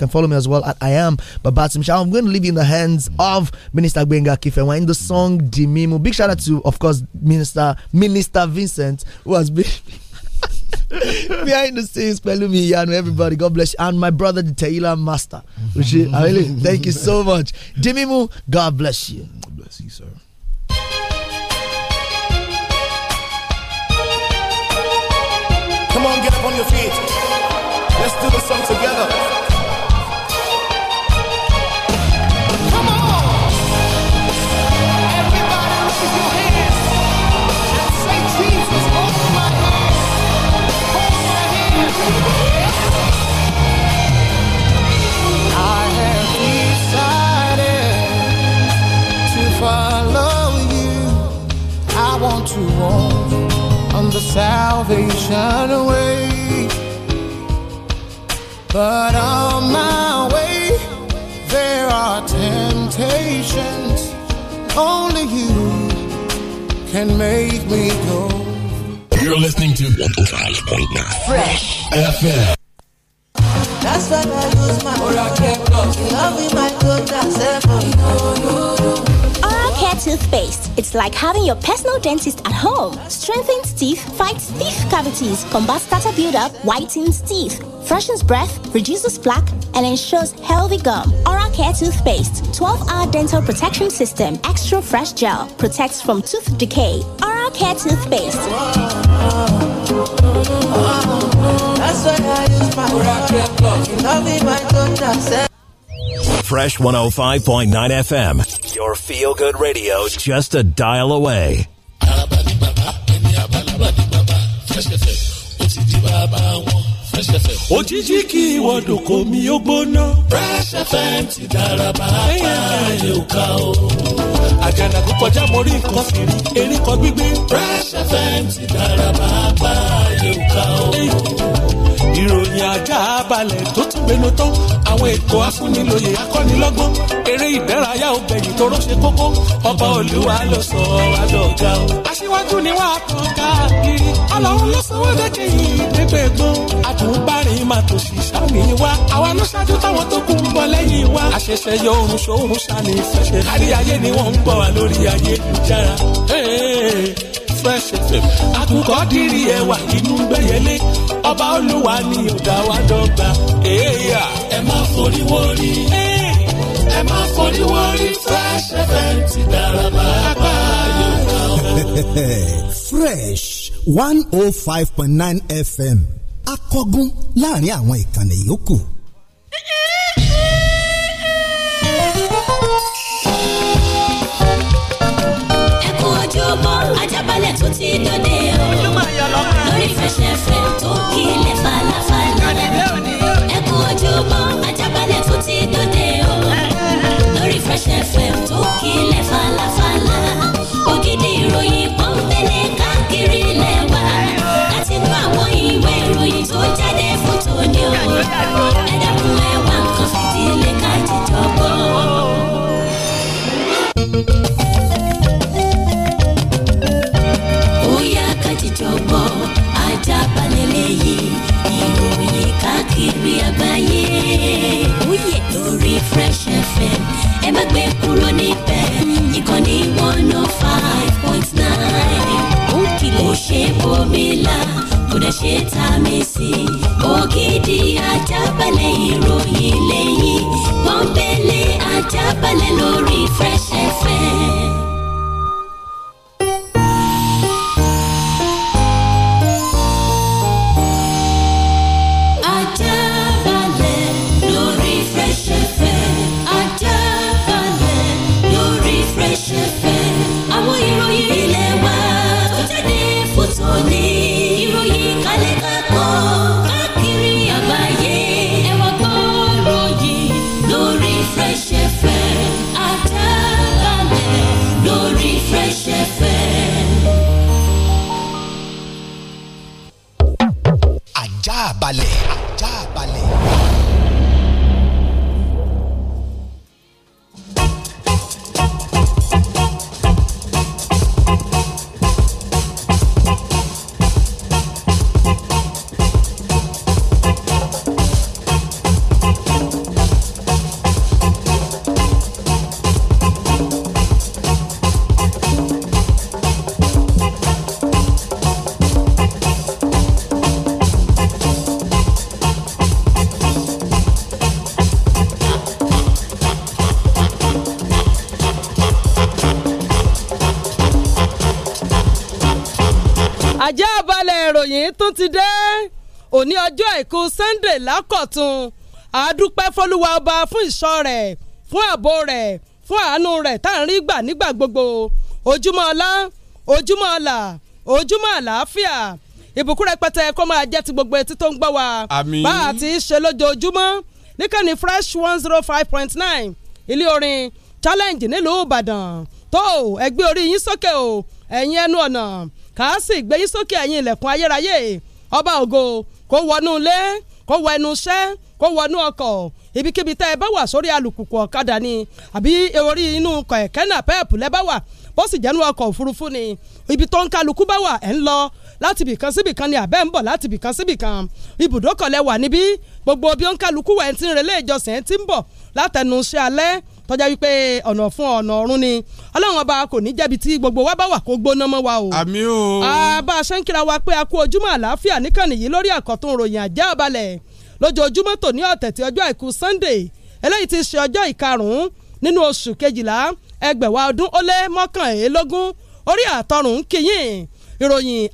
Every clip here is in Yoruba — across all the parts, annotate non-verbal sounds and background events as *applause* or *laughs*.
can follow me as well at I am Babatim Shah. I'm going to leave you in the hands of Minister Benga Kifenwa in the song Dimimu. Big shout out to, of course, Minister Minister Vincent, who has been. *laughs* behind the scenes, Pelumi Yanu, everybody, God bless you. And my brother, the Taylor Master. which is really, thank you so much. Dimimu, God bless you. God bless you, sir. Come on, get up on your feet. Let's do the song together. walls on the salvation way. But on my way, there are temptations only you can make me go. You're listening to 105.9 Fresh FM. That's why I lose my. Or I kept up. You love me, my God, that's heaven. You know, you hair toothpaste. It's like having your personal dentist at home. Strengthens teeth, fights teeth cavities, combats tartar buildup, whitens teeth, freshens breath, reduces plaque, and ensures healthy gum. Oral Care Toothpaste, 12-hour dental protection system, extra fresh gel, protects from tooth decay. Oral Care Toothpaste. Fresh 105.9 FM, your feel good radio just a dial away. òjijì kí ìwọ́dọ̀kọ̀ mi ó gbóná. Fresh FM ti dára bàbá ayé ò ká o. àjànàkú kọjá mo rí nǹkan fìrí erékọ gbígbé. Fresh FM ti dára bàbá ayé ò ká o ìròyìn ajá balẹ̀ tó tún gbénu tán àwọn ètò afúnilòyè akọ́nilọ́gbọ́n eré ìdárayá obìnrin tó rọ́ṣẹ́ kókó ọba olúwa ló sọ adọ́gà o. aṣíwájú ni wàá tàn káàkiri ọlọ́run ló sọ wọ́n yìí dẹ́gbẹ́ gbọ́n àtúbárìn máa tò sí sámi wa àwa ló ṣáájú táwọn tó kù ń bọ̀ lẹ́yìn wa. àṣẹ̀ṣẹ̀ yọ oorun ṣòorun ṣàní ìfẹsẹ̀ kárí ni wọ́n ń bọ̀ wá lórí ayélujára fresh fm àkùkọ dìrì ẹwà inú gbẹyẹlé ọba olúwa ni ó wa dọ́gba. ẹ má forí wọrí ẹ má forí wọrí fresh fm ti dára pàápàá yóò ká fresh one oh five point nine fm akọgun láàrin àwọn ìkànnì yòókù. ẹ kú ojúbọ ìròyìn tó ti dòde o lórí fẹsẹ̀fẹ̀ tó kílẹ̀ falafala ẹ kú ojúmọ́ ajábalẹ̀ tó ti dòde o lórí fẹsẹ̀fẹ̀ tó kílẹ̀ falafala ògidì ìròyìn pọ́npẹ́lẹ́ káàkiri lẹ́wà láti nú àwọn ìwé ìròyìn tó jáde fún tòní o ẹ dẹ́kun ẹwà nǹkan fìdílé ká jíjọ gbọ́. lè lákọ̀tún àdúpẹ́ fọlúwa ọba fún ìṣọ́ rẹ̀ fún ààbò rẹ̀ fún àánú rẹ̀ tá à ń rí gbà nígbà gbogbo ojúmọ́ ọlá ojúmọ́ ọlà ojúmọ́ àlàáfíà ìbùkún rẹpẹtẹ kó máa jẹ́ ti gbogbo etí tó ń gbọ́ wa bá a ti ṣe lójoojúmọ́ níkànnì fresh one zero five point nine ilé orin challenge nílùú ìbàdàn tó ẹgbẹ́ orí yín sókè o ẹ̀yin ẹnu ọ̀nà kàá sì gbé yín sókè ẹ̀yin ilẹ̀kùn ayérayé ọba ògo kó wọnú ilé kó wọ ẹnu iṣẹ́ kó wọnú ọkọ̀ ibikíbi tẹ́ ẹ bá wà sórí alùpùpù ọ̀kadà ni àbí orí inú kẹ̀kẹ́ náà pẹ́ẹ̀pù lẹ́ bá wà bó sì jẹ́nu ọkọ̀ òfurufú ni ibi tó ń kálukú bá wà ẹ̀ ń lọ láti bìkan síbìkan ni àbẹ́ ń bọ̀ láti bìkan síbìkan ibùdókọ̀ lẹ wà níbí gbogbo bí ó ń kálukú wà ẹ̀ ti ń relé ìjọsìn ẹ̀ ti ń bọ̀ látẹnu iṣẹ́ alẹ́ tọ́já wípé ọ̀nà fún ọ̀nà ọ̀run ni ọlọ́run ọba kò ní jẹ́bi tí gbogbo wa bá wà kó gbóná mọ́ wa o. àmì o. àbá a ṣe ń kíra wa pé a kú ojúmọ́ àlàáfíà níkànnì yìí lórí àkọ́tún ròyìn àjá àbálẹ̀ lójoojúmọ́ tòní ọ̀tẹ̀ tí ọjọ́ àìkú Sunday eléyìí ti ṣe ọjọ́ ìkarùn-ún nínú oṣù kejìlá ẹgbẹ̀wá ọdún ó lé mọ́kànlélógún orí àtọrùn ń kíyìn ìròyìn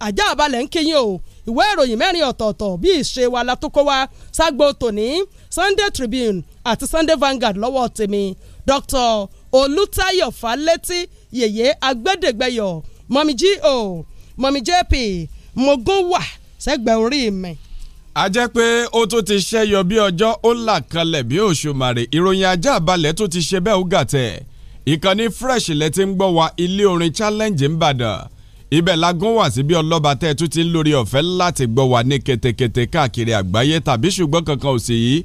Tribune àti Sunday Vanguard lọ́wọ́ tèmi Dr. Olùtayọ̀ Fálétí yèyé agbẹ́dẹ̀gbẹ́yọ̀ mọ̀mí G.O. mọ̀mí J.P. Mogunwa sẹ́gbẹ̀ẹ́ orí mi a jẹ́ pé ó tún ti ṣẹ́yọ bí ọjọ́ ó là kalẹ̀ bí òṣùmàrè ìròyìn ajá àbálẹ̀ tó ti ṣe bẹ́ẹ̀ ó gà tẹ̀ ìkànnì fresh lẹ ti ń gbọ́ wa ilé orin challenge ńbàdàn ibẹ̀ la gún wá sí bí ọlọ́ba tẹ́ ẹ tún ti ń lórí ọ̀fẹ́ láti gbọ́ wa ní ketekete káàkiri àgbáyé tàbí ṣùgbọ́n kankan ò sí yìí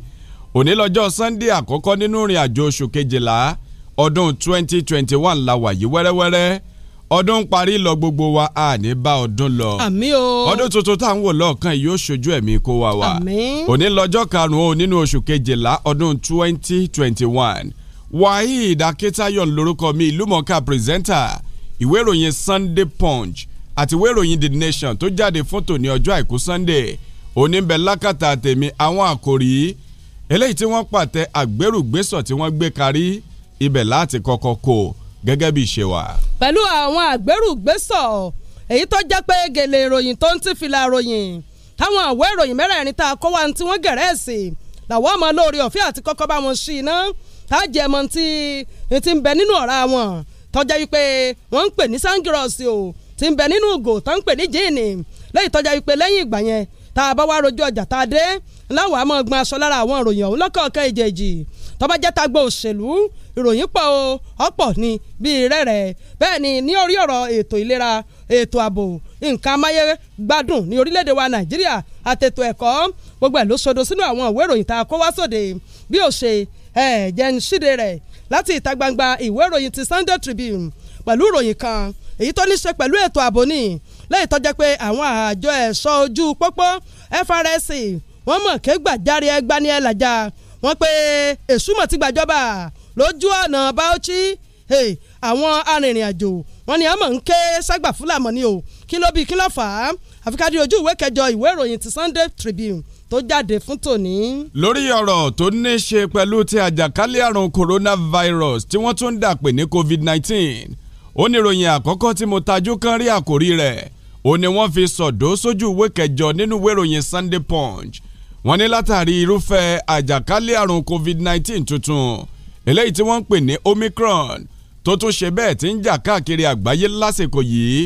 òní lọ́jọ́ Sunday àkọ́kọ́ nínú ìrìn àjò oṣù kejìlá ọdún 2021 la wà yìí wẹ́rẹ́wẹ́rẹ́ ọdún ń parí lọ gbogbo wa a ní bá ọdún lọ àmín o ọdún tuntun tá à ń wò lọ́ọ̀kan yìí ó ṣojú ẹ̀mí kó wa wà àmín òní lọ́jọ́ karùn-ún nínú oṣù kejìlá ọdún 2021 Waheed Akitayo lorúkọ mi ìlúmọ̀ọ́ká pírẹsẹ́ńtà ìwé ìròyìn Sunday Punch àti ìwé ìròyìn The Nation tó jáde fún tòní ọjọ́ àìkú Sunday òní ń bẹ lákàtà tèmi àwọn àkòrí eléyìí tí wọ́n pàtẹ àgbérùgbésọ̀ tí wọ́n gbé karí ibẹ̀ láti kọ́kọ́ kó gẹ́gẹ́ bí ṣe wà. pẹ̀lú àwọn àgbérùgbésọ̀ èyí tó jẹ́ pé gèlè ìròyìn tó ń ti fìlà ròyìn táwọn àwọ̀ ìròyìn mẹ́rẹ̀ẹ̀rin tá a kọ́ wa tí wọ́n gẹ̀rẹ́ sí làwọn ọmọ lórí ọ̀fẹ́ àti kọ́kọ́ bá wọn ṣí iná tájẹmọ tí ti ń bẹ nínú ọ̀rá wọn tọ́jà wípé wọ́n ń pè ní sangirọ́ọ̀sì o ti ń bẹ nínú ògò tó ń pè ní jíìnì tá a bá wá rojú ọjà tá a dé láwọn àmọ́ gbọn aṣọ lára àwọn ìròyìn ọ̀hún lọ́kọ̀ọ̀kan ìjèjì tọ́ba jẹ́ ta gbọ́ òṣèlú ìròyìn pọ̀ o ọ̀pọ̀ ni bíi rẹ́rẹ́ bẹ́ẹ̀ ni ní orí ọ̀rọ̀ ètò ìlera ètò ààbò nǹkan amáyé gbádùn ní orílẹ̀-èdè wa nàìjíríà àtètò ẹ̀kọ́ gbogbo ẹ̀ ló sodo sínú àwọn ìwé ìròyìn tá a kó wá sóde bí ó ṣe ẹ̀ jẹ́ ń ṣíde rẹ̀ láti ìta gbangba ìwé ìròyìn ti Sunday Tribune pẹ̀lú ìròyìn kan èyí tó ní ṣe pẹ̀lú ètò ààbò ni lẹ́yìn tó jẹ́ pé àwọn àjọ ẹ̀ṣọ́ ojú pópó FRSC wọ́n mọ̀ ké gbàjáre ẹgbani ẹlàjà wọ́n pé èsúmọ̀ ti gbàjọba lójú ọ̀nà Bauchi àwọn arìnrìn-àjò wọ́n ní àmọ̀ ń ké ságbà fúlàmọ́ ni o kí ló bí kí ló fà á àfikàdé ojú ìwé kẹjọ ìwé ìròyìn ti Sunday Tribune tó jáde fún tòní. lórí ọ̀rọ̀ tó ní ṣe pẹ̀lú ti àjàkálẹ̀ àrùn coronavirus tí wọ́n tún ń dàpè ní covid-19 ó ní ìròyìn àkọ́kọ́ tí mo tajú kan rí àkórí rẹ̀ ó ní wọ́n fi sọ̀dọ̀ sójú ìwé kẹjọ nínú ìwé ìròyìn Sunday Punch wọ́n ní látàrí irúfẹ́ àjàkálẹ̀ àrùn COVID-19 tuntun eléyìí tí wọ́n ń pè ní Omicron tó tún ṣe bẹ́ẹ̀ tí ń jà káàkiri àgbáyé lásìkò yìí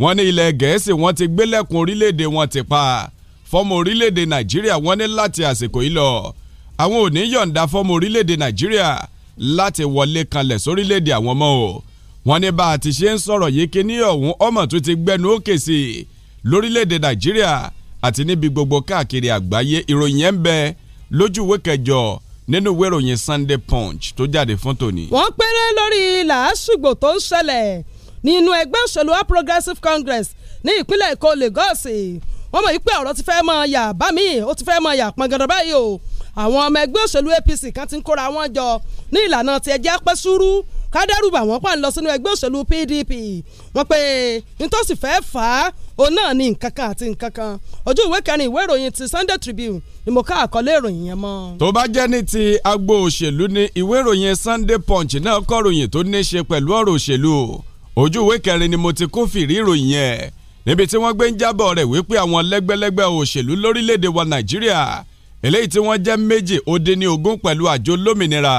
wọ́n ní ilẹ̀ Gẹ̀ẹ́sì wọ́n ti gbélẹ̀kùn orílẹ̀-èdè wọn ti pa fọ́mọ orílẹ̀-èdè Nàìjíríà wọ́n ní láti àsìkò yìí lọ àwọn ò ní yọ̀ǹda fọ́mọ orílẹ̀-èdè Nàìjíríà láti wọlé kanlẹ̀ sórílẹ̀-èdè àwọn mọ́ o wọ́n ní bá a ti ṣe ń sọ̀rọ̀ yìí kíní ọ̀hún ọmọ tó ti gbẹnu òkè sí i lórílẹ̀‐èdè nàìjíríà àti níbi gbogbo káàkiri àgbáyé ìròyìn yẹn ń bẹ lójú ìwé kẹjọ nínú ìwé ìròyìn Sunday Punch tó jáde fún tòní. wọ́n péré lórí làásùgbò tó ń ṣẹlẹ̀ nínú ẹgbẹ́ òṣèlú All Progressives Congress ní ìpínlẹ̀ Èkó Lagos wọ́n mọ̀ wípé ọ̀rọ̀ ti fẹ́ mọ yà bá mi ó ti fẹ́ mọ yà pọn gandan báyìí o àwọn ọmọ ẹgbẹ́ òṣèlú APC kan ti ń kóra wọn jọ ní ìlànà tí ẹjẹ́ pẹ́ sùúrù kádẹ́rùbà wọ́n pà ń lọ sínú ẹgbẹ́ òṣèlú PDP wọ́n pé nítòsí fẹ́ fà á òun náà ní nǹkan àti nǹkan ojú ìwé kẹrin ìwé ìròyìn ti Sunday Tribune ni mo ká àkọlé ìròyìn yẹn mọ́. tó bá jẹ́ ní ti agbo òṣèlú ni ìwé ìròyìn Sunday Punch náà kọ tó ní í ṣe pẹ̀lú ọ̀rọ̀ òṣèlú ojú ìwé kẹrin ni mo ti kó fìrí ìròyìn yẹn níbi tí wọ́n gbé ń jábọ̀ rẹ̀ wípé àwọn lẹ́gbẹ́lẹ́gbẹ́ òṣèlú lórílẹ̀‐èdè wa Nàìjíríà eléyìí tí wọ́n jẹ́ méjì ó dín ní ogún pẹ̀lú àjọ lómìnira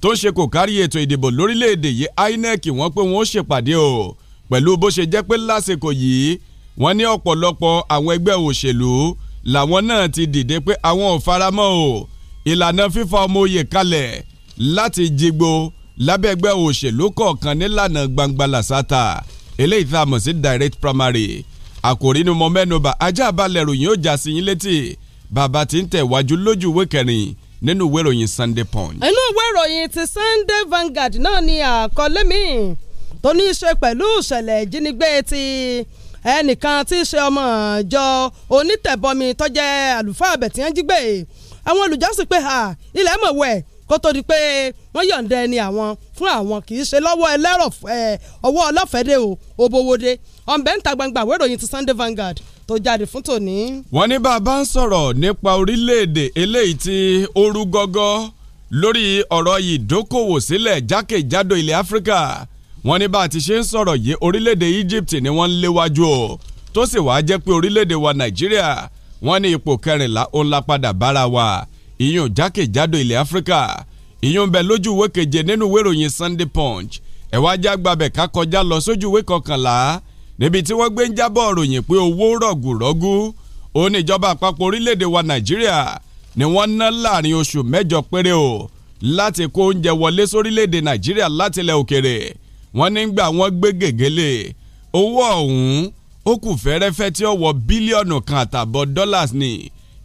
tó ń ṣe kò kárí ètò ìdìbò lórílẹ̀‐èdè yìí INEC wọ́n pé wọ́n ṣèpàdé o pẹ̀lú bó ṣe jẹ́ pé lásìkò yìí wọ́n ní ọ̀pọ̀lọpọ̀ àwọn ẹgbẹ́ òṣèlú làwọn náà ti dìde pé àwọn ò faramọ́ o ìlànà fífa ọmọ oyè kalẹ̀ láti jigbó lábẹ́ ẹgbẹ́ òṣèlú kọ̀ọ̀kan nílànà gbangba làṣàtà eléyìí tá a mọ̀ sí direct primary àkòrí ni mo mẹ́nuba ajá balẹ̀ ròyìn ó jà sí yín létí bàbá tí ń tẹ̀wájú lójú ìwé kẹrin nínú ìwé ìròyìn Sunday Punch. inú ìwé ìròyìn ti Sunday Vanguard náà ni àkọlé mi tó ní í ṣe pẹ̀lú ìṣẹ̀lẹ̀ ìjínigbé ti ẹnìkan tí í ṣe ọmọ ìjọ onítẹ̀bọmi tó jẹ́ àlùfáà bẹ̀tì yẹn jí gbé àwọn olùjọ́sìn pé ilẹ̀ mọ̀ wẹ̀ kó tó di pé wọ́n yọ̀ǹda ẹni àwọn fún àwọn kì í ṣe lọ́wọ́ ẹlẹ́rọ̀ ọwọ́ ọlọ́fẹ́dẹ́ o òbòwòde ọ̀nbẹ́ńta gbangba àwọn ti Sunday Vanguard tó jáde fún tòní. wọ́n ní bá ń sọ̀rọ̀ nípa orílẹ̀-èdè eléyìí tí ooru gọ́gọ́ lórí ọ̀rọ̀ ìdókòwò sílẹ̀ jákèjádò ilẹ̀ Áfíríkà wọ́n ní bá a ti ṣe ń sọ̀rọ̀ yìí orílẹ̀-èdè Egypt ni wọ́n ń léwájú o tó sì wáá jẹ́ pé orílẹ̀-èdè wa Nàìjíríà wọ́n ní ipò kẹrìnlá ó ń la bára wa ìyún jákèjádò ilẹ̀ Áfíríkà ìyún bẹ lójú ìwé keje nínú ìwé ìròyìn Sunday Punch ẹ̀wá jágbàbẹ̀ ká kọjá lọ sójú ìwé kọkànlá níbi tí wọ́n gbé ń jábọ̀ ròyìn pé owó rọ̀gùrọ̀gù ó ní ìjọba àpapọ̀ orílẹ̀-èdè wa Nàìjíríà ni wọ́n ná láàrin oṣù mẹ́jọ péré o láti kó oúnjẹ wọlé sórílẹ̀-èdè Nàìjíríà látilẹ̀ òkèrè wọ́n nígbà wọ́n gbé gègélè owó ọ̀hún ó kù fẹ́rẹ́fẹ́ tí ó wọ bílíọ̀nù kan àtàbọ̀ dollars ní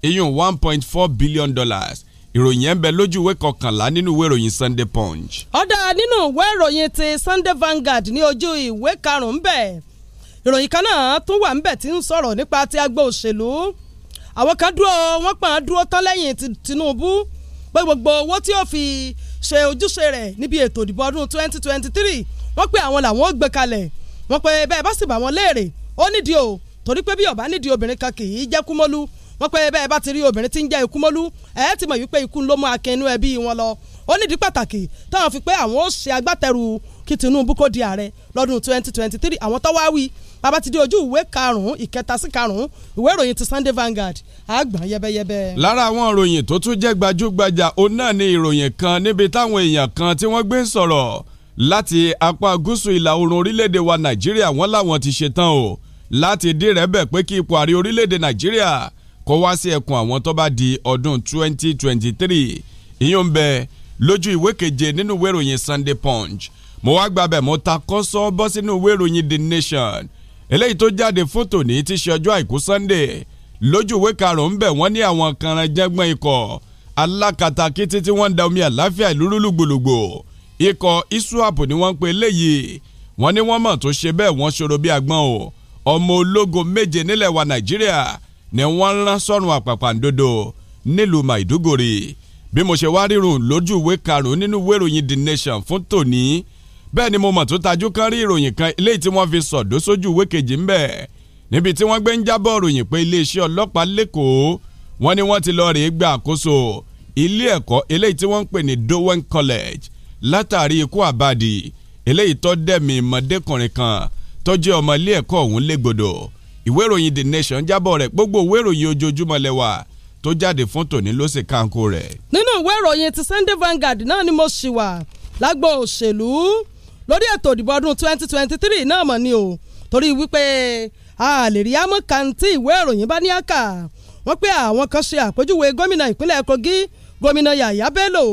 iyún one point four billion dollars ìròyìn yẹn ń bẹ lójú ìwé kọkànlá nínú ìwé ìròyìn Sunday Punch. ọ̀dà nínú ìwé ìròyìn ti Sunday Vanguard ní ojú ìwé karùn-ún bẹ̀ ìròyìn kan náà tún wà ńbẹ̀ tí ń sọ̀rọ̀ nípa ti agbo òṣèlú àwọn kan dúró wọ́n pọ̀ dúró tán lẹ́yìn Tinubu pé gbogbo owó tí ó fi ṣe ojúṣe rẹ̀ níbi ètò ìdìbò ọdún 2023 wọ́n pé àwọn làwọn ó gbé kalẹ̀ wọ́n pé bẹ́ẹ̀ bá sì bá wọn léèrè ó nídìí o torí pé bí ọ̀bá nídìí obìnrin kan kì í jẹ́ kúmọ́lú wọ́n pé bẹ́ẹ̀ bá ti rí obìnrin tí ń jẹ́ ikú mọ́lú ẹ̀ ti mọ̀ wípé ikú ló mú akin inú ẹbí wọn lọ ó nídìí pàtàkì táwọn fi pé àwọn ó ṣe agbátẹrù kí Tinubu kó di ààrẹ lọ́dún 2023 àwọn tó wá wí bàbá ti di ojú ìwé karùn-ún ìkẹta sí karùn-ún ìwé ìròyìn ti Sunday Vanguard àgbọ̀n yẹbẹyẹbẹ. lára àwọn ìròyìn tó tún jẹ́ gbajúgbajà òun náà ni ìròyìn kan níbi táwọn èèyàn kan tí wọ́n gbé ń sọ̀rọ̀ láti apá gúúsù ìlà oòrùn orílẹ̀-èdè wa Nàìjíríà wọ́n láwọn ti ṣetán o láti dírẹ́bẹ̀ pé kí ipò ààrẹ orílẹ̀-èdè Nàìjíríà kó wá sí ẹkùn àwọn tó bá di ọdún 2023 ìyẹn ń bẹ lójú ìwé keje nínú ìwé ìròyìn Sunday Punch mo wá gbàbẹ̀ mo ta kọ́sọ́ bọ́ sínú ìwé ìròyìn The Nation eléyìí tó jáde fún tòní ti ṣe ọjọ́ àìkú Sunday lójú ìwé karùn-ún bẹ̀ wọ́n ní àwọn kànrẹ́jẹ́gbọ́n ikọ̀ alákatakítí tí wọ́n ń da omi àláfíà ìlú rúlùgbòlùgbò ikọ̀ isuapu ni wọ́n ń pe eléyìí wọ́n ní wọ́n mọ̀ tó ṣe bẹ́ẹ̀ wọ́n ṣòro bí agbọ́n o ọmọ ológo méje nílẹ̀ wa Nàìjíríà ni wọ́n ń rán sọ́run àpàpàǹdodo nílùú Maiduguri bí mo ṣe wá rírun lójú ìwé karùn-ún nínú ìwé ìròyìn The Nation fún tòní bẹ́ẹ̀ ni mo mọ̀ tó tajú kan rí ìròyìn kan eléyìí tí wọ́n fi sọ̀dọ́ sójú ìwé kejì ńbẹ̀ níbi tí wọ́n gbé ń jábọ̀ ìròyìn pé iléeṣẹ́ ọlọ́pàá lẹ́kọ̀ọ́ wọ́n ní wọ́n ti lọ rèé gba àkóso ilé ẹ̀kọ́ eléyìí tí wọ́n ń pè ní Dowen College látàrí ikú àbádì eléyìí tó dẹ̀mí ìmọ̀dékùnrin kan tó jẹ́ ọmọ ilé ẹ̀kọ́ ọ̀hún légbodò ìwé ìròyìn The Nation jábọ̀ rẹ̀ gbogbo ìwé ìròyìn ojoojúmọ́ lẹ́wà tó jáde fún tòní ló sì kanko rẹ̀. nínú ìwé ìròyìn ti Sunday Vanguard náà ni mo ṣì wà lágbo òṣèlú lórí ètò ìdìbò ọdún 2023 náà mọ̀ ni o torí wípé a lè rí àmọ́ kàǹtì ìwé ìròyìn bá ní àkà wọ́n pé àwọn kan ṣe àpèjúwe gómìnà ìpínlẹ̀ Kogi gómìnà Yàyà Bello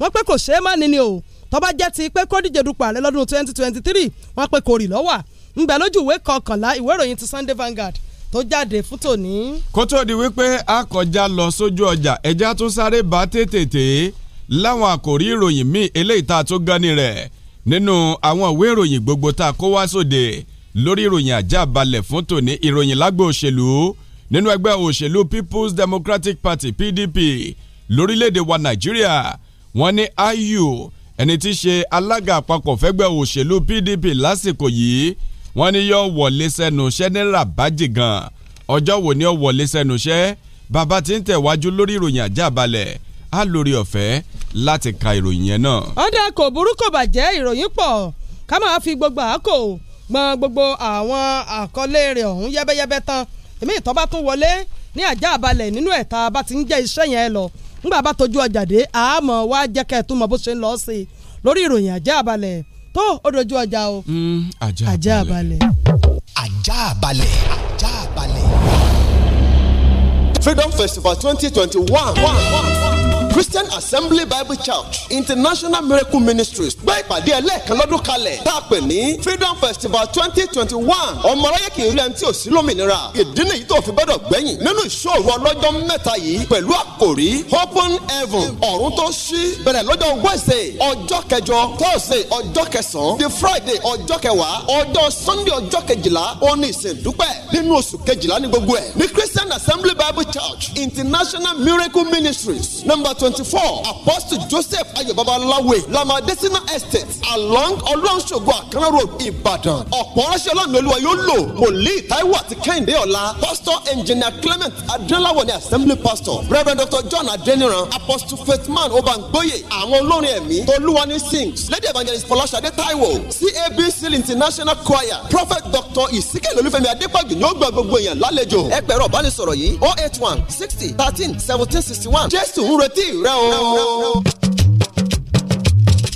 wọ́n pé kò ṣeé má níní o tó bá jẹ́ ti pé kó díje lọ́dún 2023 wọ́n pé kò rí lọ́wọ́ ńbẹ lójú ìwé kọkànlá ìwé ìròyìn ti Sunday Vanguard tó jáde fún tòní. kó tó di wípé a kọjá lọ sójú ọjà ẹja tó sáré bá tètè láwọn àkòrí ìròyìn míì eléyìí tá a tó gani rẹ̀ nínú àwọn ìwé ìròyìn gbogbo tá a kó wá sóde lórí ìròyìn ajá balẹ̀ fún tòní ìròyìn lágbo òṣèlú nínú ẹgbẹ́ òṣèlú People's Democratic Party PDP lórílẹ̀‐èdè wa Nàìjíríà wọ́n ní IU ẹni tí í ṣe alága àpapọ̀ fẹ́gbẹ́ òṣèlú PDP lásìkò yìí wọ́n ní yóò wọlé sẹ́nu iṣẹ́ ní rabaji gan ọjọ́ wo ni ó wọlé sẹ́nu iṣẹ́ bàbá tí ń tẹ̀wájú lórí ìròyìn àjàbalẹ̀ á lórí ọ̀fẹ́ láti ka ìròyìn yẹn náà. ọ̀dà kò burú kò bàjẹ́ ìròyìn pọ̀ ká máa fi gbogbo àákò gbọn gbogbo àwọn àkọlé rẹ̀ ọ̀hún yẹ́bẹ́yẹ́bẹ́ tán èmi ìtọ́ bá tún wọlé ní àjàbalẹ̀ nínú ẹ̀ta bá ti ń jẹ́ iṣẹ́ yẹn lọ nígbà bá tójú ọjà dé àmọ́ wá jẹ́ kẹ́ mọ bó ṣe ń lọ sí lórí ìròyìn àjàbalẹ̀ tó ó dojú ọjà o. Mm, ajá balẹ̀. ajá balẹ̀. ajá balẹ̀. Freedom Festival twenty twenty one. Christian Assembly Bible Church International Miracle Ministries gbé ìpàdé ẹlẹ́ẹ̀kan lọ́dún kalẹ̀ tá a pè ní Freedom Festival twenty twenty one ọmọ aráyé kì í rí ẹni tí ò sí lómìnira ìdí nìyí tó fi gbọ́dọ̀ gbẹ̀yìn nínú ìṣòro ọlọ́jọ́ mẹ́ta yìí pẹ̀lú àkòrí open heaven ọ̀run tó ṣí bẹ̀rẹ̀ lọ́jọ́ Wednesday ọjọ́ kẹjọ Thursday ọjọ́ kẹsàn-án the Friday ọjọ́ kẹwàá ọjọ́ Sunday ọjọ́ kejìlá òní ìsìndúpẹ́ nínú oṣù kejìlá ní gbogbo ẹ̀ ní Christian Assembly Bible Church International Miracle Ministries number twenty twenty-four apostle joseph Ayobaba Lawe. Lama Desina estate along ọlọ́nṣogbo àkànná road Ibadan. ọ̀pọ̀ ránṣẹ́ ọlọ́run olúwa yóò lò wòlíì taiwo àti kẹ́hìndé ọ̀la pastor engineer clement adéláwọ̀ ni assembly pastor reverend dr john adeniran apostle faithman obangboye àwọn olórin ẹ̀mí tolúwani sings lady evangelist fọláṣadé taiwo cabc international choir prophet Doctor ìsíkè lolúfẹ́mi adépọ̀jù ni ó gba gbogbo èèyàn lálejò ẹ pẹ̀rọ ìbánisọ̀rọ̀ yìí oh eight one sixty thirteen seventeen sixty one jésù ń retí No.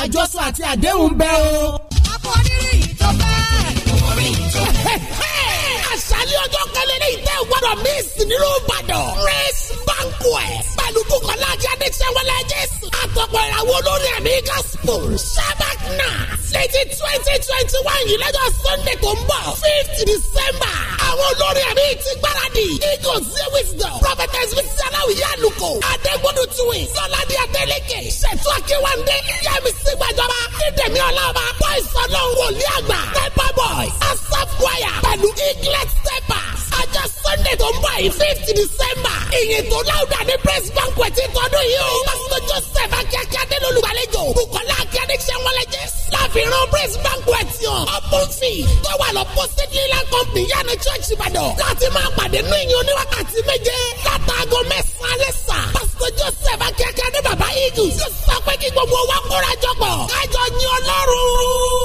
àjọsọ àti àdéhùn bẹ́ẹ̀ o. akọ onírìyìn tó bá. akọ onírìyìn tó bá àṣálẹ́ ọjọ́ kẹlẹ́ ní ìtẹ́ ìwọ́dọ̀ miss nínú ìbàdàn. praise banquet pẹ̀lú bukola jáde sẹ́wọ́lẹ̀ jésù. àtọ̀pọ̀ ìràwọ̀ olórin ẹ̀mí gospel shabak náà. létí twenty twenty one yìí lọ́jọ́ sunday tó ń bọ̀ fifth december. àwọn olórin ẹ̀mí ti gbáradì. eagle zee wisdom prophetess wisdom aláwìyá àlùkò. adégbodò tuwe sọládì adélèké. ṣètò akéwàndé yẹmi sígbàjọba. nídẹ̀mí ọlọ́ba. boys ọlọ́run wòlíàgbà. pepper boys. asaf choir. pẹ̀lú eagle Select Steppers. Ọjọ́ Sunday tó ń bọ̀ yìí fifth December. Ìyìn tó láwùdà ní Press Banquet tọdún yìí o. Pásítọ̀ Joseph Akíákí Adélò olùgbàlejò. Bukola Akíade Ṣẹ́wọ́lẹ́jẹ́. Láfihàn Press Banquet yàn. Open fee tó wà lọ Posted Leland Company Yánni Church Ìbàdàn. Láti máa pàdé ní ìyìn oníwákàtí méje. Látàgọ́ mẹ́sàn-án alẹ́ sà. Pásítọ̀ Joseph Akíákí Adé Bàbá Eagles. Yóò sọ pé kí gbogbo wa kóra jọ pọ̀. Kájọ yin Ọlọ́run.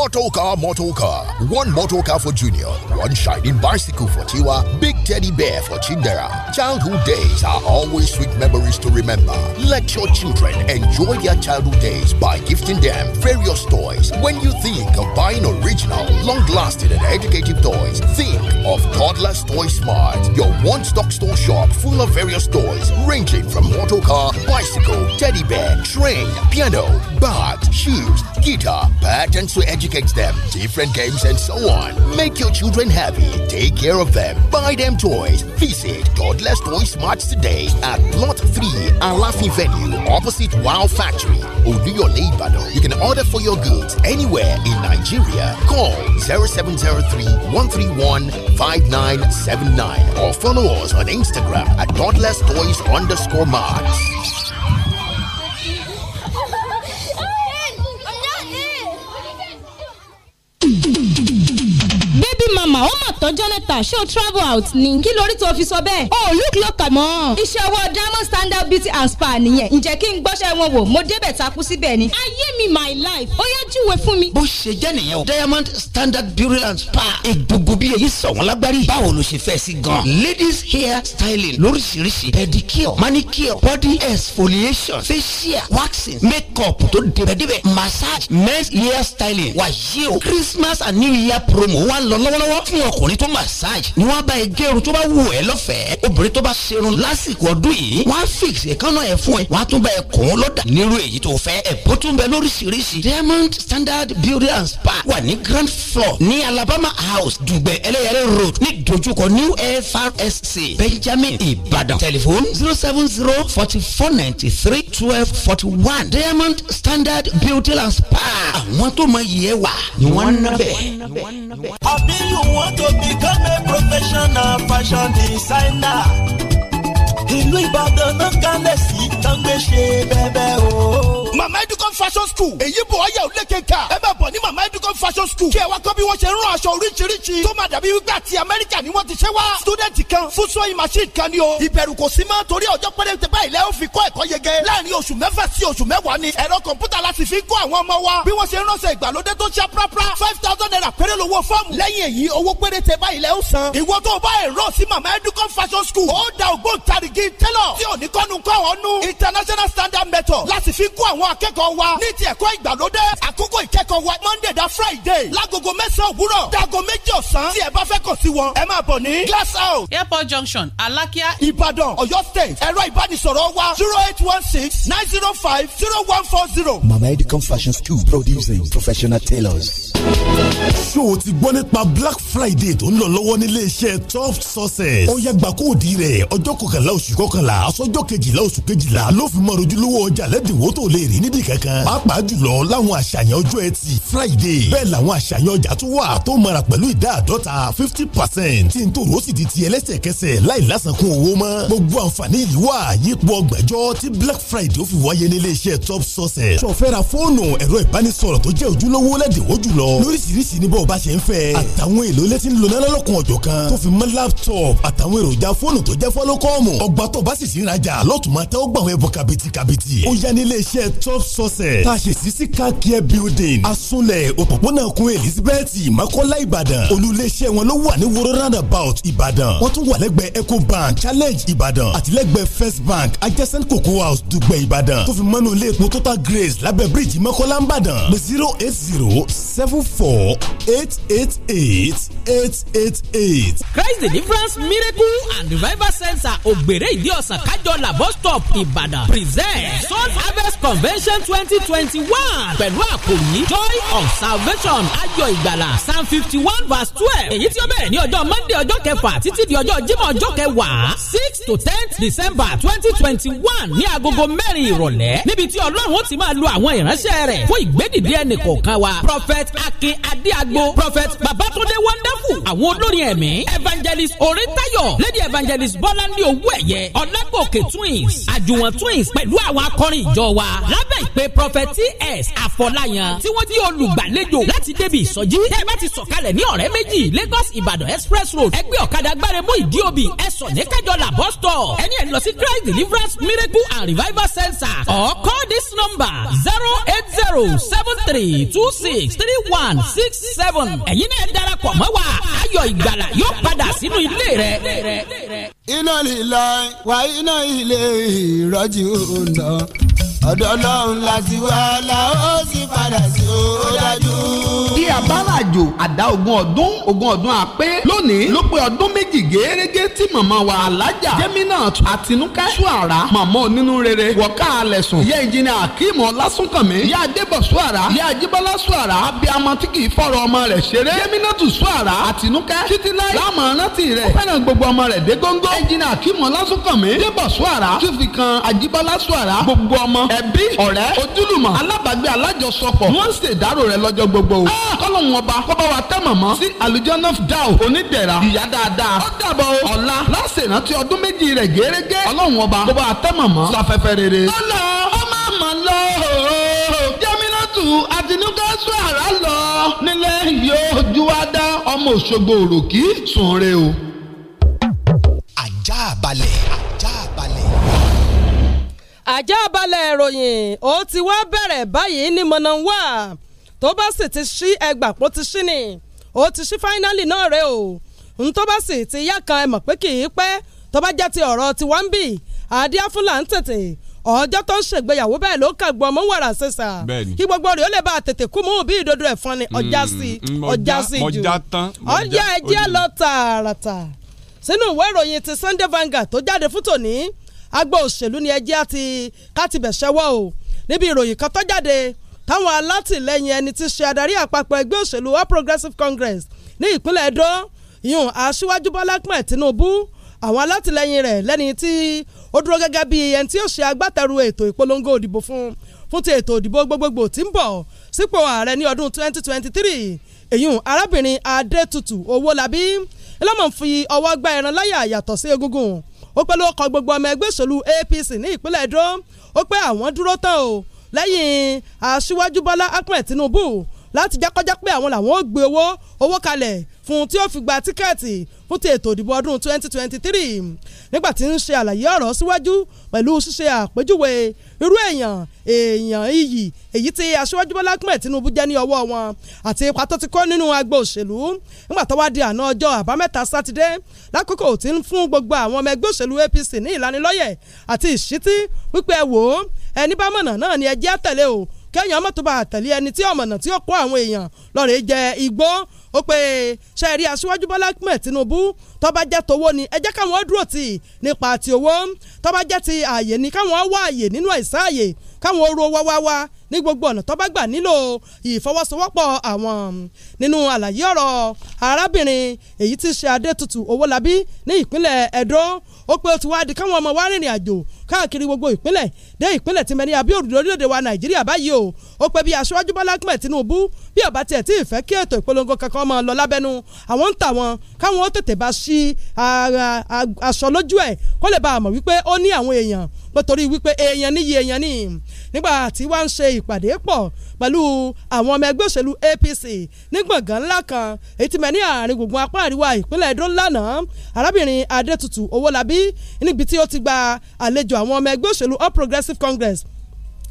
Motor car, motor car. One motor car for Junior, one shining bicycle for Tiwa, big teddy bear for Chindera. Childhood days are always sweet memories to remember. Let your children enjoy their childhood days by gifting them various toys. When you think of buying original, long lasting, and educative toys, think of Toddler's Toy Smart, your one stock store shop full of various toys ranging from motor car, bicycle, teddy bear, train, piano, bags, shoes, guitar, patterns to education music exam, different games, and so on. Make your children happy. Take care of them. Buy them toys. Visit Godless Toys Smarts today at Plot 3 Alafi Venue, opposite Wow Factory, Oluyole, Ibadan. You can order for your goods anywhere in Nigeria. Call 0703 131 5979 or follow us on Instagram at Godless Toys underscore Marks. ó mà tán Jonathan ṣé o travel out ni kí lórí tó fi sọ bẹ́ẹ̀ o oh, look local mọ́. iṣẹ́ ọwọ́ diamond standard beauty and spa nìyẹn ǹjẹ́ kí n gbọ́ṣẹ́ wọn wò mo débẹ̀ takú síbẹ̀ ni. ayé mi my life ó yá júwe fún mi. bó ṣe jẹ́ nìyẹn o diamond standard beauty and spa egbogbo bí èyí sọ wọn lágbárí báwo ló ṣe fẹ́ sí gan. ladies hair styling lóríṣiríṣi pedicure manicure body exfoliation facial waxing makeup tó débẹ̀débẹ̀ massage men's hair styling wàyí o christmas and new year promo wà lọ lọ́wọ́lọ́wọ́ fún ọkùnrin tó massage ni wọ́n bá ẹ gẹrun tó bá wù ẹ́ lọ́fẹ̀ẹ́ obìnrin tó bá ṣerun lásìkò ọdún yìí wọ́n á fix èékánná ẹ̀ fún ẹ wọ́n á tún bá ẹ kùn ún lọ́dà nírú èyí tó fẹ́ ẹ̀bùn tún bẹ lóríṣiríṣi diamond standard beauty and spa wà ní grand floor ní alabama house dùgbẹ́ ẹlẹ́yẹrẹ road ní dojúkọ new frsc benjamin ibadan telephone zero seven zero forty four ninety three twelve forty one diamond standard beauty and spa àwọn tó mọ iye wà ni wọ́n ń ná bẹ́ẹ̀. àbí yòówó want to become a professional fashion designer. ìlú Ìbàdàn náà kálẹ̀ sí tán gbé ṣe bẹ́ẹ̀ bẹ́ẹ̀ o mama educom fashion school èyí bò ọyẹ òde kéka ẹ bẹ bọ̀ ní mama educom fashion school kí ẹ wá kọ́ bí wọ́n ṣe ń rán aṣọ oríṣiríṣi tó máa dàbí wípé àti amẹ́ríkà ni wọ́n ti ṣe wá student kan fún sewing machine kan ni o ìbẹ̀rù kò sí mọ́ torí ọjọ́ péréte báyìí lẹ́yìn ó fi kọ́ ẹ̀kọ́ yege láàrin oṣù mẹ́fà sí oṣù mẹ́wàá ni ẹ̀rọ kọ̀ǹpútà la sì fi kọ́ àwọn ọmọ wa bí wọ́n ṣe ránṣẹ́ ìgbàlódé tó ṣe pàápàá five thousand naira péré lówó fọ́ọ̀mù lẹ́yìn èyí owó péréte báyìí lẹ́ ó san ìwọ tó bá enroll sí mama educom fashion school ó da ògbóǹtarìgì tẹ́lọ̀ tí ò ní kọ́nu kọ́ ọ̀nù international standard method láti fi àwọn akẹ́kọ̀ọ́ wa ní ti ẹ̀kọ́ ìgbàlódé àkókò ìkẹ́kọ̀ọ́ wa monday da friday lágogo mẹ́sàn-án òwúrọ̀ dago méjì ọ̀sán tí ẹ bá fẹ́ kàn sí wọn ẹ máa bọ̀ ní glass house airport junction alákíá ìbàdàn ọ̀yọ́ state ẹ̀rọ ìbánisọ̀rọ̀ wa zero eight one six nine zero five zero one four zero. mama edikon fashion school producing professional tailors. ṣé o ti gbọ́ nípa black friday tó ń lọ lọ́wọ́ nílé iṣẹ́ top success. ó yá gbà kóòdì rẹ̀ ọjọ́ kọkànlá oṣù kọkànlá aṣọ́jọ́ kejìlá oṣù kejìlá ló fi mọ ojúlówó ọjà lẹ́dínwó tó lè èrè níbì kankan pàápàá jùlọ láwọn àṣàyàn ọjọ́ ẹtì friday bẹ́ẹ̀ làwọn àṣàyàn ọjà tó wà tó mara pẹ̀lú ìdá àdọ́ta fifty percent tí n tó rò sì di ti ẹlẹ́sẹ̀kẹsẹ̀ láì lásàkún owó mọ́ gbogbo àǹfààní yìí wà yípo ọgbẹ̀jọ́ tí black friday ó fi wáyé nílé iṣẹ́ top sources sọfẹ́ra fóònù ẹ̀rọ ìbánisọ̀rọ̀ tó jẹ́ ojúlówó lẹ́dínwó jùlọ lóríṣiríṣi ní bọ́ọ̀ twelve success tá a ṣe sí sí car care building asunlẹ̀ òpópónà kun elizabeth makola ìbàdàn olùléeṣẹ́ wọn ló wà ní woro roundabout Ibadan. wọ́n tún wà Eco Bank challenge Ibadan. ìbàdàn àtìlẹ́gbẹ̀ẹ́ first bank adjacent cocoa house dùgbẹ̀ Ibadan. tó fi mọ́nú ilé total grace lábẹ́ Bridge, makola ìbàdàn pé zero eight zero seven four eight eight eight eight eight eight. christ deliverance miracle and revival center ògbèrè ìdí ọ̀sán kájọlà bus stop Ibadan. present soul harvest convention Revelation twenty twenty one pẹ̀lú àkòrí Joy of Salvation Ayọ̀ Ìgbàlà Psalm fifty one verse twelve èyí tí ó bẹ̀rẹ̀ ní ọjọ́ Monday ọjọ́ kẹfà títí di ọjọ́ Jímọ̀ ọjọ́ kẹwàá six to ten December twenty twenty one ní agogo mẹ́rin ìrọ̀lẹ́ níbi tí Ọlọ́run ó ti máa lo àwọn ìránṣẹ́ rẹ̀ fún ìgbédìde ẹnì kọ̀ọ̀kan wa Prophet Akin Adéagbo Prophet Babatunde Wonderful àwọn olórin ẹ̀mí Evangelist Orintayo Lady Evangelist Bọ́láńdé Owóẹ̀yẹ Ọlágòkè twins Àjùwọ̀n twins pẹ̀lú àwọn akọrin ìjọ wa lábẹ́ ìpè prọfẹtì s àfọláyàn tí wọ́n di olùgbàlejò láti débi ìsọjí tẹ́ ẹ bá ti sọ̀kalẹ̀ ní ọ̀rẹ́ méjì Lagos Ibadan express road ẹgbẹ́ ọ̀kadà gbáremú ìdíòbí ẹ̀sọ̀ ní kájọlà bus stop ẹni ẹ̀ lọ sí Christ deliverance miracle and revival center or call this number zero eight zero seven three two six three one six seven ẹ̀yin náà darapọ̀ mọ́ wa ayọ̀ ìgbàlà yóò padà sínú ilé rẹ̀. iná lílá wà iná ilé ìrọ́jú ọ̀nà ọ̀dọ̀ ọlọ́run láti wá la ó sì padà sí ó dájú. bí abárajò àdá ogún ọdún ogún ọdún àpé lónìí ló pé ọdún méjì gẹ́gẹ́ tí màmá wa alájà jẹ́mínà àtinúkẹ́ ṣùàrà màmá onínú rere wọ̀ká alẹ̀sùn yẹ ìjìnlẹ̀ àkíìmọ̀ lásùnkànmí yẹ àdébọ̀ ṣùàrà yẹ àjíbọ́lá ṣùàrà abiyamọ tí kì í fọ̀rọ̀ ọmọ rẹ̀ ṣeré jẹ́mínà tù ṣùàrà àtinúkẹ́ títí láì láàmú rántí rẹ̀ ó fẹ́ràn gbogbo ọmọ rẹ̀ dé góńgó ìjìnlẹ̀ àkíìmọ̀ lásùnkànmí débọ̀ ṣùàrà tún fi kan àjíbọ́lá ṣùàrà gbogbo ọmọ ẹbí ọ̀rẹ́ ojúlùmọ̀ alábàgbé alájọsọpọ̀ wọ́n ń ṣèdárò rẹ lọ́jọ́ gbogbo o. Ah! kọ́lọ́hún ọba kọ́ba wa tẹ́ mọ̀mọ́ sí àlùjọ́nà dáò onídẹ̀ra ìyá dáadáa ó dàbọ̀ ọ̀la lásìrántí ọdún méjì rẹ̀ gẹ́rẹ́gẹ́ ọlọ́hún ọba kọ́ba wa tẹ́ mọ̀mọ́ sáfẹ́fẹ́ rere. ọlọ ọ máa mọ̀ lọ jẹ́mínátù àtinúkọ́sọ àrà lọ nílẹ̀ yóò juwádá ọmọ òṣogbo òròkì sùn re o. àjá balẹ̀ ìròyìn ó ti wá bẹ̀rẹ̀ báyìí ní mọ̀nà wà tó bá sì ti ṣí ẹgbàpọ̀ ti ṣí ni ó ti ṣí fáínálì náà rẹ o n tó bá sì ti yá kan ẹ mọ̀ pé kì í pẹ́ tó bá jẹ́ ti ọ̀rọ̀ tiwa ń bì àdíá fúlà ń tètè ọjọ́ tó ń ṣègbéyàwó bẹ́ẹ̀ ló kàn gbọ́n mọ́ wàrà sísà kí gbogbo rẹ̀ ó lè bá a tètè kú mú bí ìdodo ẹ̀fọn ni mm, ọjà sí mm, ọjà sí jù ọjà ẹjẹ́ lọ tààràtà sínú ìwé ìròyìn ti Sunday Vanguard tó jáde fún tòní agbó òṣèlú ni ẹjẹ́ àti kátìbẹ̀ ṣẹ́wọ́ o níbi ìròyìn kan tó jáde táwọn alátìlẹyìn ẹni tí ṣe adarí àpapọ̀ ẹgbẹ́ òṣèlú All Progressives Congress ní ìpínlẹ̀ Edo yun aṣíwájú Bọ́lá pẹ̀ Tinubu àwọn alátìlẹyìn rẹ̀ lẹ́ni tí ó dúró gẹ́gẹ́ bí ẹni tí ó ṣe agbátẹrù ètò ìpolongo òdìbò fún fún ti ètò òdìbò gbogbogbò tí ń bọ̀ sípò ààrẹ ní ọdún 2023 èyún arábìnrin Adétutù Owólabí lọ́mọ̀ fi ọwọ́ gbá ẹran láyà yàtọ̀ sí egungun ó pẹ́ ló kọ gbogbo ọmọ ẹgbẹ́ òṣèlú APC ní ìpínlẹ̀ Edo ó pẹ́ àwọn dúró tán o lẹ́yìn aṣíwájú Bọ́lá Ahmed Tinubu láti jákọ́já pé àwọn làwọn ò gbé owó owó kalẹ̀ fún tí ó fi gba tíkẹ́ẹ̀tì fún ti ètò ìdìbò ọdún 2023 nígbà tí ń ṣe àlàyé ọ̀rọ̀ síwájú pẹ̀lú ṣíṣe àpèjúwe irú èèyàn èèyàn iyì èyí tí aṣíwájú bọ́lá pẹ̀ tinubu jẹ́ ní ọwọ́ wọn àti ipa tó ti kó nínú agbo òṣèlú nígbà tó wá di àná ọjọ́ àbámẹ́ta sátidé lákòókò tí ń fún gbogbo àwọn ọmọ ẹgbẹ́ òṣèlú APC ní ìlanilọ́yẹ̀ àti ìṣítí wípé ẹ wò ó ẹni bá mọ̀nà náà ni ẹ jẹ́ tẹ̀lé o kéèyàn mọ́tò bá àtẹ̀lé ẹni tí ọ̀mọ̀nà tí ó kó àwọn èèyàn lọ́ọ̀rẹ́ jẹ igbó ó pé ṣe rí aṣíwájú Bọ́lá Ahmed Tinubu tọ́ba jẹ́ towó ni ẹ jẹ́ káwọn dúró tì nípa ti owó tọ́ba jẹ́ ti ààyè ni káwọn wá ààyè nínú àìsàn ààyè káwọn oró wáwáwá ní gbogbo ọ̀nà tọ́ba gbà nílò ìfọwọ́sowọ́pọ̀ àwọn nínú àlàyé ọ̀rọ̀ arábìnrin èyí tí ṣe Adétutù Owólabí ní ìpínlẹ̀ Ẹdó ó pé ó ti wá di káwọn ọmọ wa rìnrìn àjò káàkiri gbogbo ìpínlẹ̀ dé ìpínlẹ̀ tí mẹ́ni àbí òrùlé orílẹ̀ wa nàìjíríà báyìí o ó pé bí aṣáájú bọ́lá ahmed tinubu bí ọba tiẹ̀ tí ì fẹ́ kí ètò ìpolongo kankan máa lọ lábẹ́nu àwọn ń tà wọn káwọn ó tètè bá sí aṣọ lójú ẹ̀ kó lè bá a wípé ó ní àwọn èèyàn nítorí wípé èèyàn níyì èèyàn ní nígbà tí wọ́n ń ṣe ìpàdé pọ̀ pẹ̀lú àwọn ọmọ ẹgbẹ́ òṣèlú APC ní gbọ̀ngàn ńlá kan èyí tí mẹ́ ní àárín gbùngbùn apá àríwá ìpínlẹ̀ Ẹdó lánàá arábìnrin Adétutù Owólabí níbi tí ó ti gba àlejò àwọn ọmọ ẹgbẹ́ òṣèlú All Progressives Congress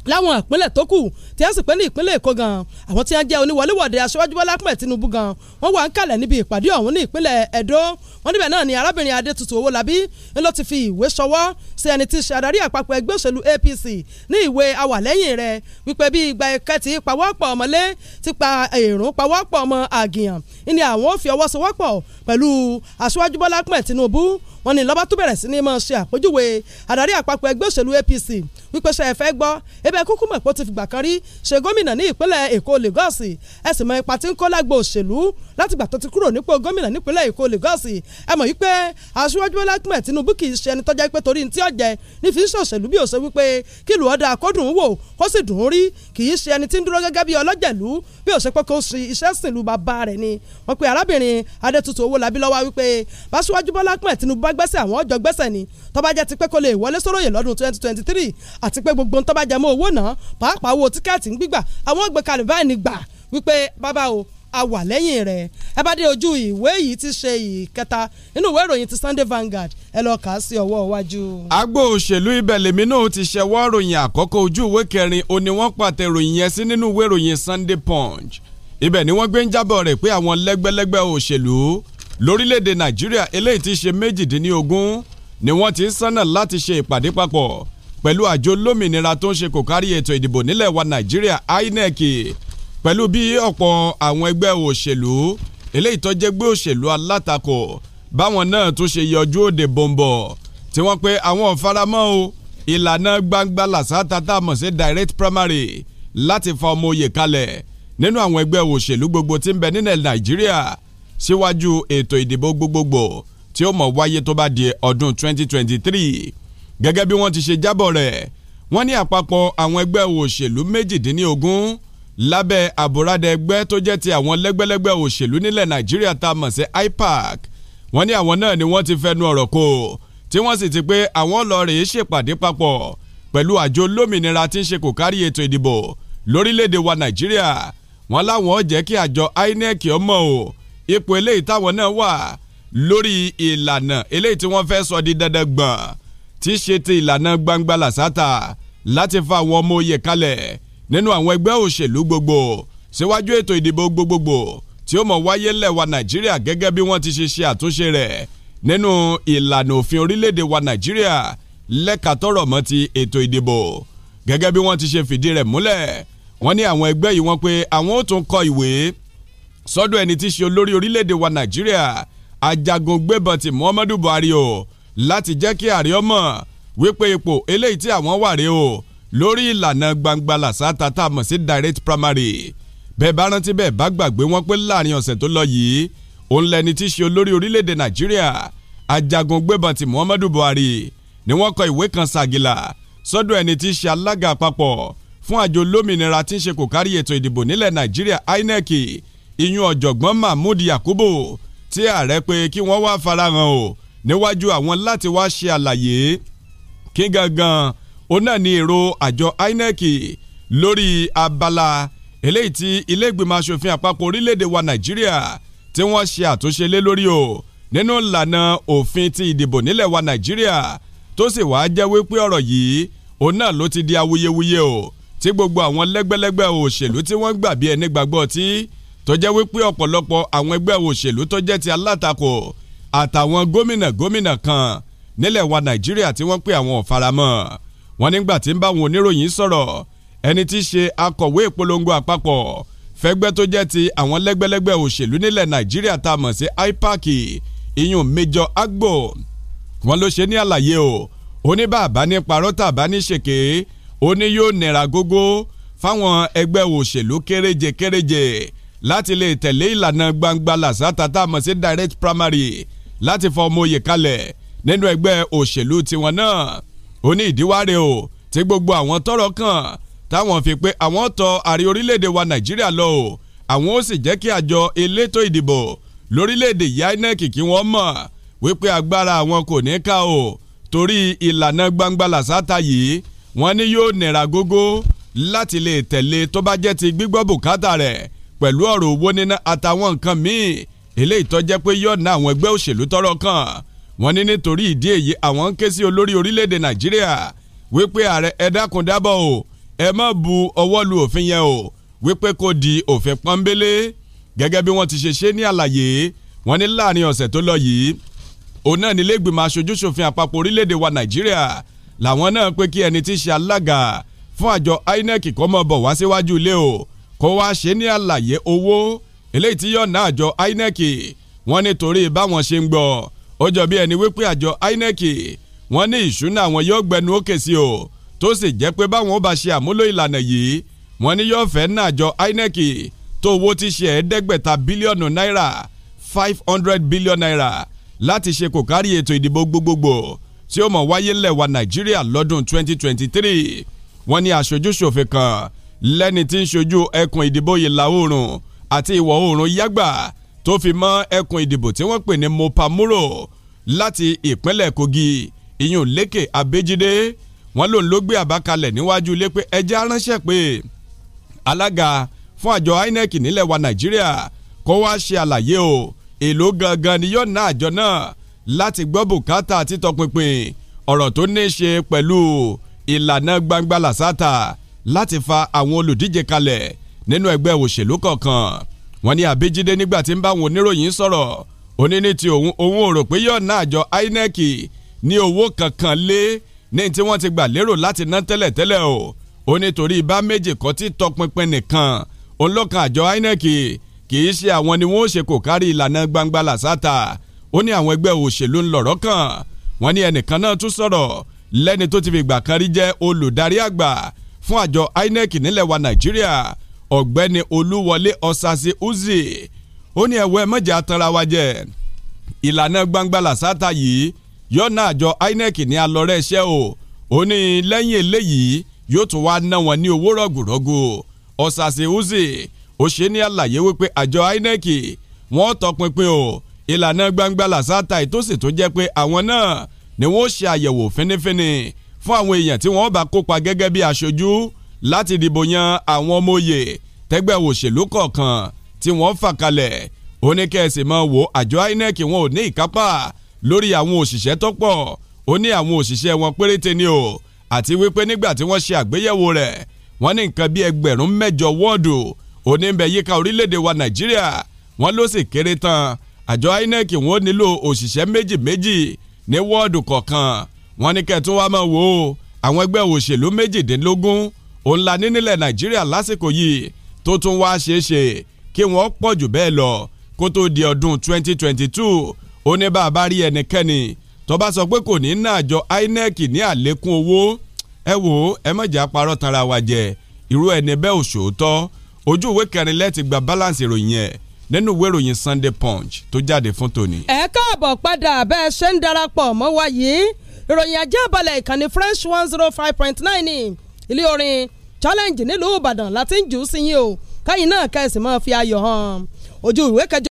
láwọn ìpínlẹ̀ tó kù tí wọ́n sì pé ní ìpínlẹ̀ èkó gan àwọn tí wọ́n jẹ́ oníwọléwọ̀de aṣáájú bọ́lá pẹ̀ tinubu gan wọ́n wà ń kalẹ̀ níbi ìpàdé ọ̀hún ní ìpínlẹ̀ ẹ̀dó wọ́n níbẹ̀ náà ni arábìnrin adétutù owólabí ń ló ti fi ìwé ṣọwọ́ sí ẹni tí ṣàdarí àpapọ̀ ẹgbẹ́ òṣèlú apc ní ìwé awàlẹ́yìn rẹ̀ wípé bí ìgbà ẹ̀kẹ́ ti pawọ́pọ̀ pa èrún pawọ́pọ̀ ọmọ àgìyàn ni àwọn ò fi ọwọ́ sowọ́pọ̀ pẹ̀lú aṣáájú bọ́lá pẹ̀ tinubu wọ́n ní lọ́ba tó bẹ̀rẹ̀ sí ní máa ṣe àpèjúwe àdarí àpapọ̀ ẹgbẹ́ òṣèlú apc wípé ṣe ẹ̀fẹ́ gbọ́ ebe kúkú mọ̀ pé ó ti fìgbà kan rí ṣe gómìnà ní ìpínlẹ̀ èkó Lagos ẹ sì mọ ipa tí ń kó lágbo òṣèlú látìgbà tó ti kúrò nípò gómìnà nípínlẹ̀ èkó Lagos ẹ mọ̀ wípé aṣíwájú Bọ́lá Ahmed Tinubu kì í ṣe ẹni tọ́jà pé torí ti ọ̀jẹ̀ ní fi ń ṣòṣèlú bí òṣè wípé kí ìlú ọ̀dà àkọ́dùn wò kó sì dùn ún rí kì í ṣe ẹni tí ń dúró gẹ́gẹ́ bí ọlọ́jẹ̀lú bí òṣè pé kó ṣe iṣẹ́ sìn lu bàbá rẹ̀ ni wọ́n pe arábìnrin Adétutù Owólabí lọ́wọ́ wípé báṣíwájú Bọ́lá Ahmed Tinubu bá gbẹ́sẹ̀ àwọn ọjọ́ gbẹ́sẹ̀ ni tọ́bajẹ́ ti pé kó lè wọlé sóróyè lọ́dún 2023 àti pé gbogbo ń tọ́bajẹ́ mọ́ owó náà pàápàá owó tíkẹ́ẹ̀tì ń gbígbà àwọn gbẹ̀kalẹ̀ báyìí ni gbà wípé bàbá o a wà lẹ́yìn rẹ̀ ẹ bá dé ojú ìwé yìí ti ṣe ìkẹta nínú ìwé ìròyìn ti Sunday Vanguard ẹ lọ kà á sí ọwọ́ iwájú. agbo òṣèlú ibẹ̀ lèmi náà ti ṣẹwọ́ ròyìn àkọ́kọ́ ojú ìwé kẹrin ó ní wọ́n pàtẹ ròyìn yẹn sí nínú ìwé ìròyìn Sunday Punch ibẹ̀ ni wọ́n gbé ń jábọ̀ rẹ̀ pé àwọn lẹ́gbẹ́lẹ́gbẹ́ òṣèlú lórílẹ̀‐èdè Nàìjíríà eléyìí ti ṣe méjìdínlógún ni wọ́n ti ń sánà láti ṣe ìpàdé papọ̀ pẹ̀lú àjọ lómìnira tó ń ṣe kò kárí ètò ìdìbò nílẹ̀ wa Nàìjíríà INEC pẹ̀lú bí ọ̀pọ̀ àwọn ẹgbẹ́ òṣèlú eléyìí tó jẹ́ gbé òṣèlú alátakò báwọn náà tún ṣe yọjú òde bòǹbọ̀ tí wọ́n pe àwọn ò faramọ́ o ìlànà gbangba làṣàtà tá a mọ̀ sí direct primary láti fa ọmọ oyè kalẹ̀ nínú àwọn ẹgbẹ́ òṣèlú gbogbo tí ń bẹ nílẹ̀ Nàìjíríà síwájú ètò ìdìbò gbogbogbò tí ó mọ̀ wáyé tó bá di ọdún 2023 gẹ́gẹ́ bí wọ́n ti ṣe jábọ̀ rẹ̀ wọ́n ní àpapọ̀ àwọn ẹgbẹ́ òṣèlú méjìdínlógún lábẹ́ àbúradà ẹgbẹ́ tó jẹ́ ti àwọn lẹ́gbẹ́lẹ́gbẹ́ òṣèlú nílẹ̀ Nàìjíríà tá a mọ̀ sí IPAC wọ́n ní àwọn náà ni wọ́n ti fẹnu ọ̀rọ̀ kò tí wọ́n sì ti pé àwọn lọ́ọ̀rẹ́ ṣèpàdé papọ̀ pẹ̀lú àjọ olómìnira tí ń ṣe kò kárí ètò ìdìbò lórílẹ̀‐èdè wa Nàìjíríà wọ́n láwọn jẹ́ kí àjọ INEC ọmọ o ipò eléyìí táwọn náà wà lórí ìlànà eléyìí tí wọ́n fẹ́ sọ di dandan gbọ̀n tí í ṣe ti ìlànà gbangba làṣàtà láti fa àwọn ọmọ oyè kalẹ̀ nínú àwọn ẹgbẹ́ òṣèlú gbogbo síwájú ètò ìdìbò gbogbogbò tí ó mọ̀ wáyé lẹ́wà nàìjíríà gẹ́gẹ́ bí wọ́n ti ṣe ṣe àtúnṣe rẹ̀ nínú ìlànà òfin orílẹ̀-èdè wa nàìjíríà lẹ́ka tọrọ mọ́ ti ètò ìdìbò gẹ́gẹ́ bí wọ́n ti ṣe fìdí rẹ̀ múlẹ̀ wọ́n ní àwọn ẹgbẹ́ yìí wọ́n pé àwọn ó tún kọ ìwé sọ́dọ̀ ẹni tí ṣe olórí orílẹ̀-èdè wa nàìjíríà ajagun gbébọn ti muhammadu buhari o láti jẹ́ kí ààrẹ ọmọ wípé ipò eléyìí tí àwọn wà rèé o lórí ìlànà gbangba làṣàtà tá a mọ̀ sí direct primary bẹ́ẹ̀ bá rántí bẹ́ẹ̀ bá gbàgbé wọn pé láàrin ọ̀sẹ̀ tó lọ yìí òun lẹni tí í ṣe olórí orílẹ̀-èdè nàìjíríà ajagun gbébọn ti muhammadu buhari ni wọ́n kọ ìwé kan ṣàgìlà sọ́dọ̀ ẹni tí í ṣe alága àpapọ̀ fún àjọ olómìnira tí ń ṣe kò kárí ètò ìdìbò nílẹ̀ nàìjíríà inec ìyún ọ̀jọ̀gbọ́n mahmood yakubu tí ààrẹ pé kí wọ́n wá farahàn o níwájú àwọn láti wá ṣe àlàyé kí gangan òun náà ni èrò àjọ INEC lórí abala eléyìí tí ilé ìgbìmọ̀ asòfin àpapọ̀ orílẹ̀-èdè wa Nàìjíríà tí wọ́n ṣe àtúnṣe lé lórí o nínú ìlànà òfin ti ìdìbò nílẹ̀ wa Nàìjíríà tó sì wáá jẹ́ wípé ọ̀rọ̀ yìí òun ló ti di awuyewuye o tí gbogbo àwọn lẹ́gbẹ́lẹ́gbẹ́ òṣèlú tí wọ́n gbà bí ẹni gbàgbọ́ tí tó jẹ́ wípé ọ̀pọ̀lọpọ̀ àwọn ẹgbẹ́ òṣèlú tó jẹ́ ti alátakò àtàwọn gómìnà gómìnà kan nílẹ̀ wa nàìjíríà tí wọ́n pè àwọn ò faramọ́ wọn nígbà tí ń bá àwọn oníròyìn sọ̀rọ̀ ẹni tí í ṣe akọ̀wé ìpolongo àpapọ̀ fẹ́gbẹ́ tó jẹ́ ti àwọn lẹ́gbẹ́lẹ́gbẹ́ òṣèlú nílẹ̀ nàìjíríà tá a mọ̀ sí IPAC ìyún Major Agbo wọn ló ṣe ní àlàyé o oníbàbá ní parọ́ tàbá ní ṣèké ó ní yóò nira gógó fáwọn ẹgbẹ́ òṣèlú kéréje kéréje láti lè tẹ̀lé ìlànà gbangba làṣà tàtà mọ̀ sí direct primary láti fọ ọmọ oyè kalẹ̀ nínú ẹgbẹ́ òṣèlú tiwọn náà ó ní ìdíwárẹ̀ o tí gbogbo àwọn tọrọ kàn táwọn fi pé àwọn tọ àrí orílẹ̀-èdè wa Nàìjíríà lọ o àwọn ó sì jẹ́ kí àjọ elétò ìdìbò lórílẹ̀-èdè INEC kí wọ́n mọ̀ wípé agbára àwọn kò ní ká o torí ìlànà gbangba làṣáta yìí wọ́n ní yóò nira gógó láti lè tẹ̀lé tó bá jẹ́ ti gbígbọ́ bùkátà rẹ̀ pẹ̀lú ọ̀rọ̀ owó níná àtàwọn nǹkan míì eléyìí tó jẹ́ pé yọ̀ọ̀nà àwọn ẹgbẹ́ òṣèlú tọ́rọ̀ kàn wọ́n ní nítorí ìdí èyí àwọn ń ké sí olórí orílẹ̀-èdè nàìjíríà wípé ààrẹ ẹ dákun dábọ̀ o ẹ má bu ọwọ́ lu òfin yẹn o wípé kò di òfin pọ́nbélé gẹ́gẹ́ bí wọ́n ti ṣe ṣe ní àlàyé wọ́n ní láàrin ọ̀sẹ̀ tó lọ yìí òun náà nílé ìgbìmọ̀ aṣojúṣòfin àpapọ̀ orílẹ̀-èdè wa nàìjíríà làwọn náà pé kí ẹni tí í ṣe alága fún àjọ INEC kó mọ̀ bọ̀ wá síwájú ilé o kó wá ṣe ní àlàyé owó eléyìí tí yọ̀ǹda àjọ INEC wọ́n nítorí báwọn ṣe ń gbọ́ ó jọ bí ẹni wípé àjọ INEC wọ́n ní ìṣúná àwọn yóò gbẹnu òkè sí o tó sì jẹ́ pé báwọn ó bá ṣe àmúlò ìlànà yìí wọ́n ní yóò fẹ́ ná àjọ INEC tó owó ti ṣe ẹ̀ẹ́dẹ́gbẹ̀ta bílíọ̀nù náírà five hundred billion naira láti ṣe kò kárí ètò ìdìbò gbogbogbò tí ó mọ̀ wáyé lẹ̀ wa Nàìjíríà lọ́dún 2023 wọ́n ní aṣojú ṣòfin kan lẹ́ni tí ń ṣojú ẹkùn ìdìbò ìlà oòrùn àti ìwọ̀ oòrùn yágbà tó fi mọ́ ẹkùn ìdìbò tí wọ́n pè ní mopamuro láti ìpínlẹ̀ kogi ìyún lékè abéjídé wọ́n lòun ló gbé àbá kalẹ̀ níwájú ilé pé ẹjẹ́ aránṣẹ́ pé alága fún àjọ inec nílẹ̀ wa nàìjíríà kó wá ṣe àlàyé o èló gangan ni yóò ná àjọ náà láti gbọ́ bùkátà títọpinpin ọ̀rọ̀ tó ní í ṣe pẹ̀lú ìlànà gbangba làṣàtà láti fa àwọn olùdíje kalẹ̀ nínú ẹgbẹ́ òṣèlú kọ̀ọ̀kan wọ́n ní Abíjídé nígbà tí ń bá àwọn oníròyìn sọ̀rọ̀ ó ní ní ti òun òun ò rò pé yóò ná àjọ INEC ní owó kankan lé ní tí wọ́n ti gbà lérò láti ná tẹ́lẹ̀tẹ́lẹ̀ o ó ní torí ibà méjì kan tí tọpinpin nìkan òun lọ́kàn àjọ INEC kì í ṣe àwọn ni wọ́n ó ṣe kò kárí ìlànà gbangba làṣàtà ó ní àwọn ẹgbẹ́ òṣèlú ńlọ̀rọ̀ kan wọ́n ní ẹnìkan náà tún sọ̀rọ̀ lẹ́ni tó ti fìgbà kan rí jẹ́ olùdarí àgbà fún àjọ INEC nílẹ̀ wa Nàìjíríà ọ̀gbẹ́ni olúwọlé ọ̀sàsì uzi ó ní ẹ̀wọ́ ẹ̀ mọ̀jà tanra wa jẹ ìlànà gbangba làṣàtà yìí yọ̀nà àjọ INEC ní alọ́rẹ́ iṣẹ́ o ó ní lẹ́yìn eléyìí yóò tún wá ná wọn ní owó rọ̀gùrọ̀gù ọ̀sàsì uzi ó ṣe ní àlàyé wípé àjọ INEC wọ́n tọpinpin o ìlànà gbangba làṣàtà ìtòsí tó jẹ́ pé àwọn náà ni wọ́n ṣe àyẹ̀wò fínífíní fún àwọn èèyàn tí wọ́n bá kópa gẹ́gẹ́ bí aṣojú láti dìbò yan àwọn ọmọ òye tẹ́gbẹ́ òṣèlú kọ̀ọ̀kan tí wọ́n fà kalẹ̀ ó ní kẹ́sì mọ́ wo àjọ INEC wọn ò ní ìkápá lórí àwọn òṣìṣẹ́ tó pọ̀ ó ní àwọn òṣìṣẹ́ wọn péréte ni o àti wípé nígbà tí wọ́n ṣe àgbéyẹ̀wò rẹ̀ wọ́n ní nǹkan bíi ẹgbẹ̀rún mẹ́jọ wọ́ọ̀dù oníbẹ̀ yíká orílẹ̀-èdè wa Nàìjíríà wọ́n ló sì kéré tán àjọ INEC wọn ò nílò òṣìṣẹ́ méjì méjì ní wọ́ọ̀dù kọ̀ọ̀kan wọ́n ní kẹ́tún wá máa wò ó àwọn ẹgbẹ́ òṣèlú méjìdínlógún òun la ní nílẹ̀ nàìjíríà lásìkò yìí tó tún wá ṣeéṣe kí wọ́n pọ̀ jù bẹ́ẹ̀ lọ kó tó di ọdún 2022 ó ní bá a bá rí ẹnikẹ́ni tó bá sọ pé kò ní ná àjọ INEC ní àlékún owó ẹ wò ó ẹ má jà parọ́ tanra wa jẹ irú ẹni bẹ́ẹ̀ ò ṣòótọ́ ojú ìwé kẹrin lẹ́ẹ̀tì gba balance ìròyìn ẹ̀ nínú ìwé ìròyìn Sunday Punch tó jáde fún tòní. ẹ káàbọ̀ padà bẹ́ẹ̀ ṣe ń darapọ̀ mọ́ wa yìí ìròyìn ajá balẹ̀ ìkànnì Fresh one zero five point nine ilé orin challenge nílùú ìbàdàn láti ń jù ú sí yín o káyìn náà kẹsì máa fi ayọ̀ hàn ojú ìwé kẹjọ.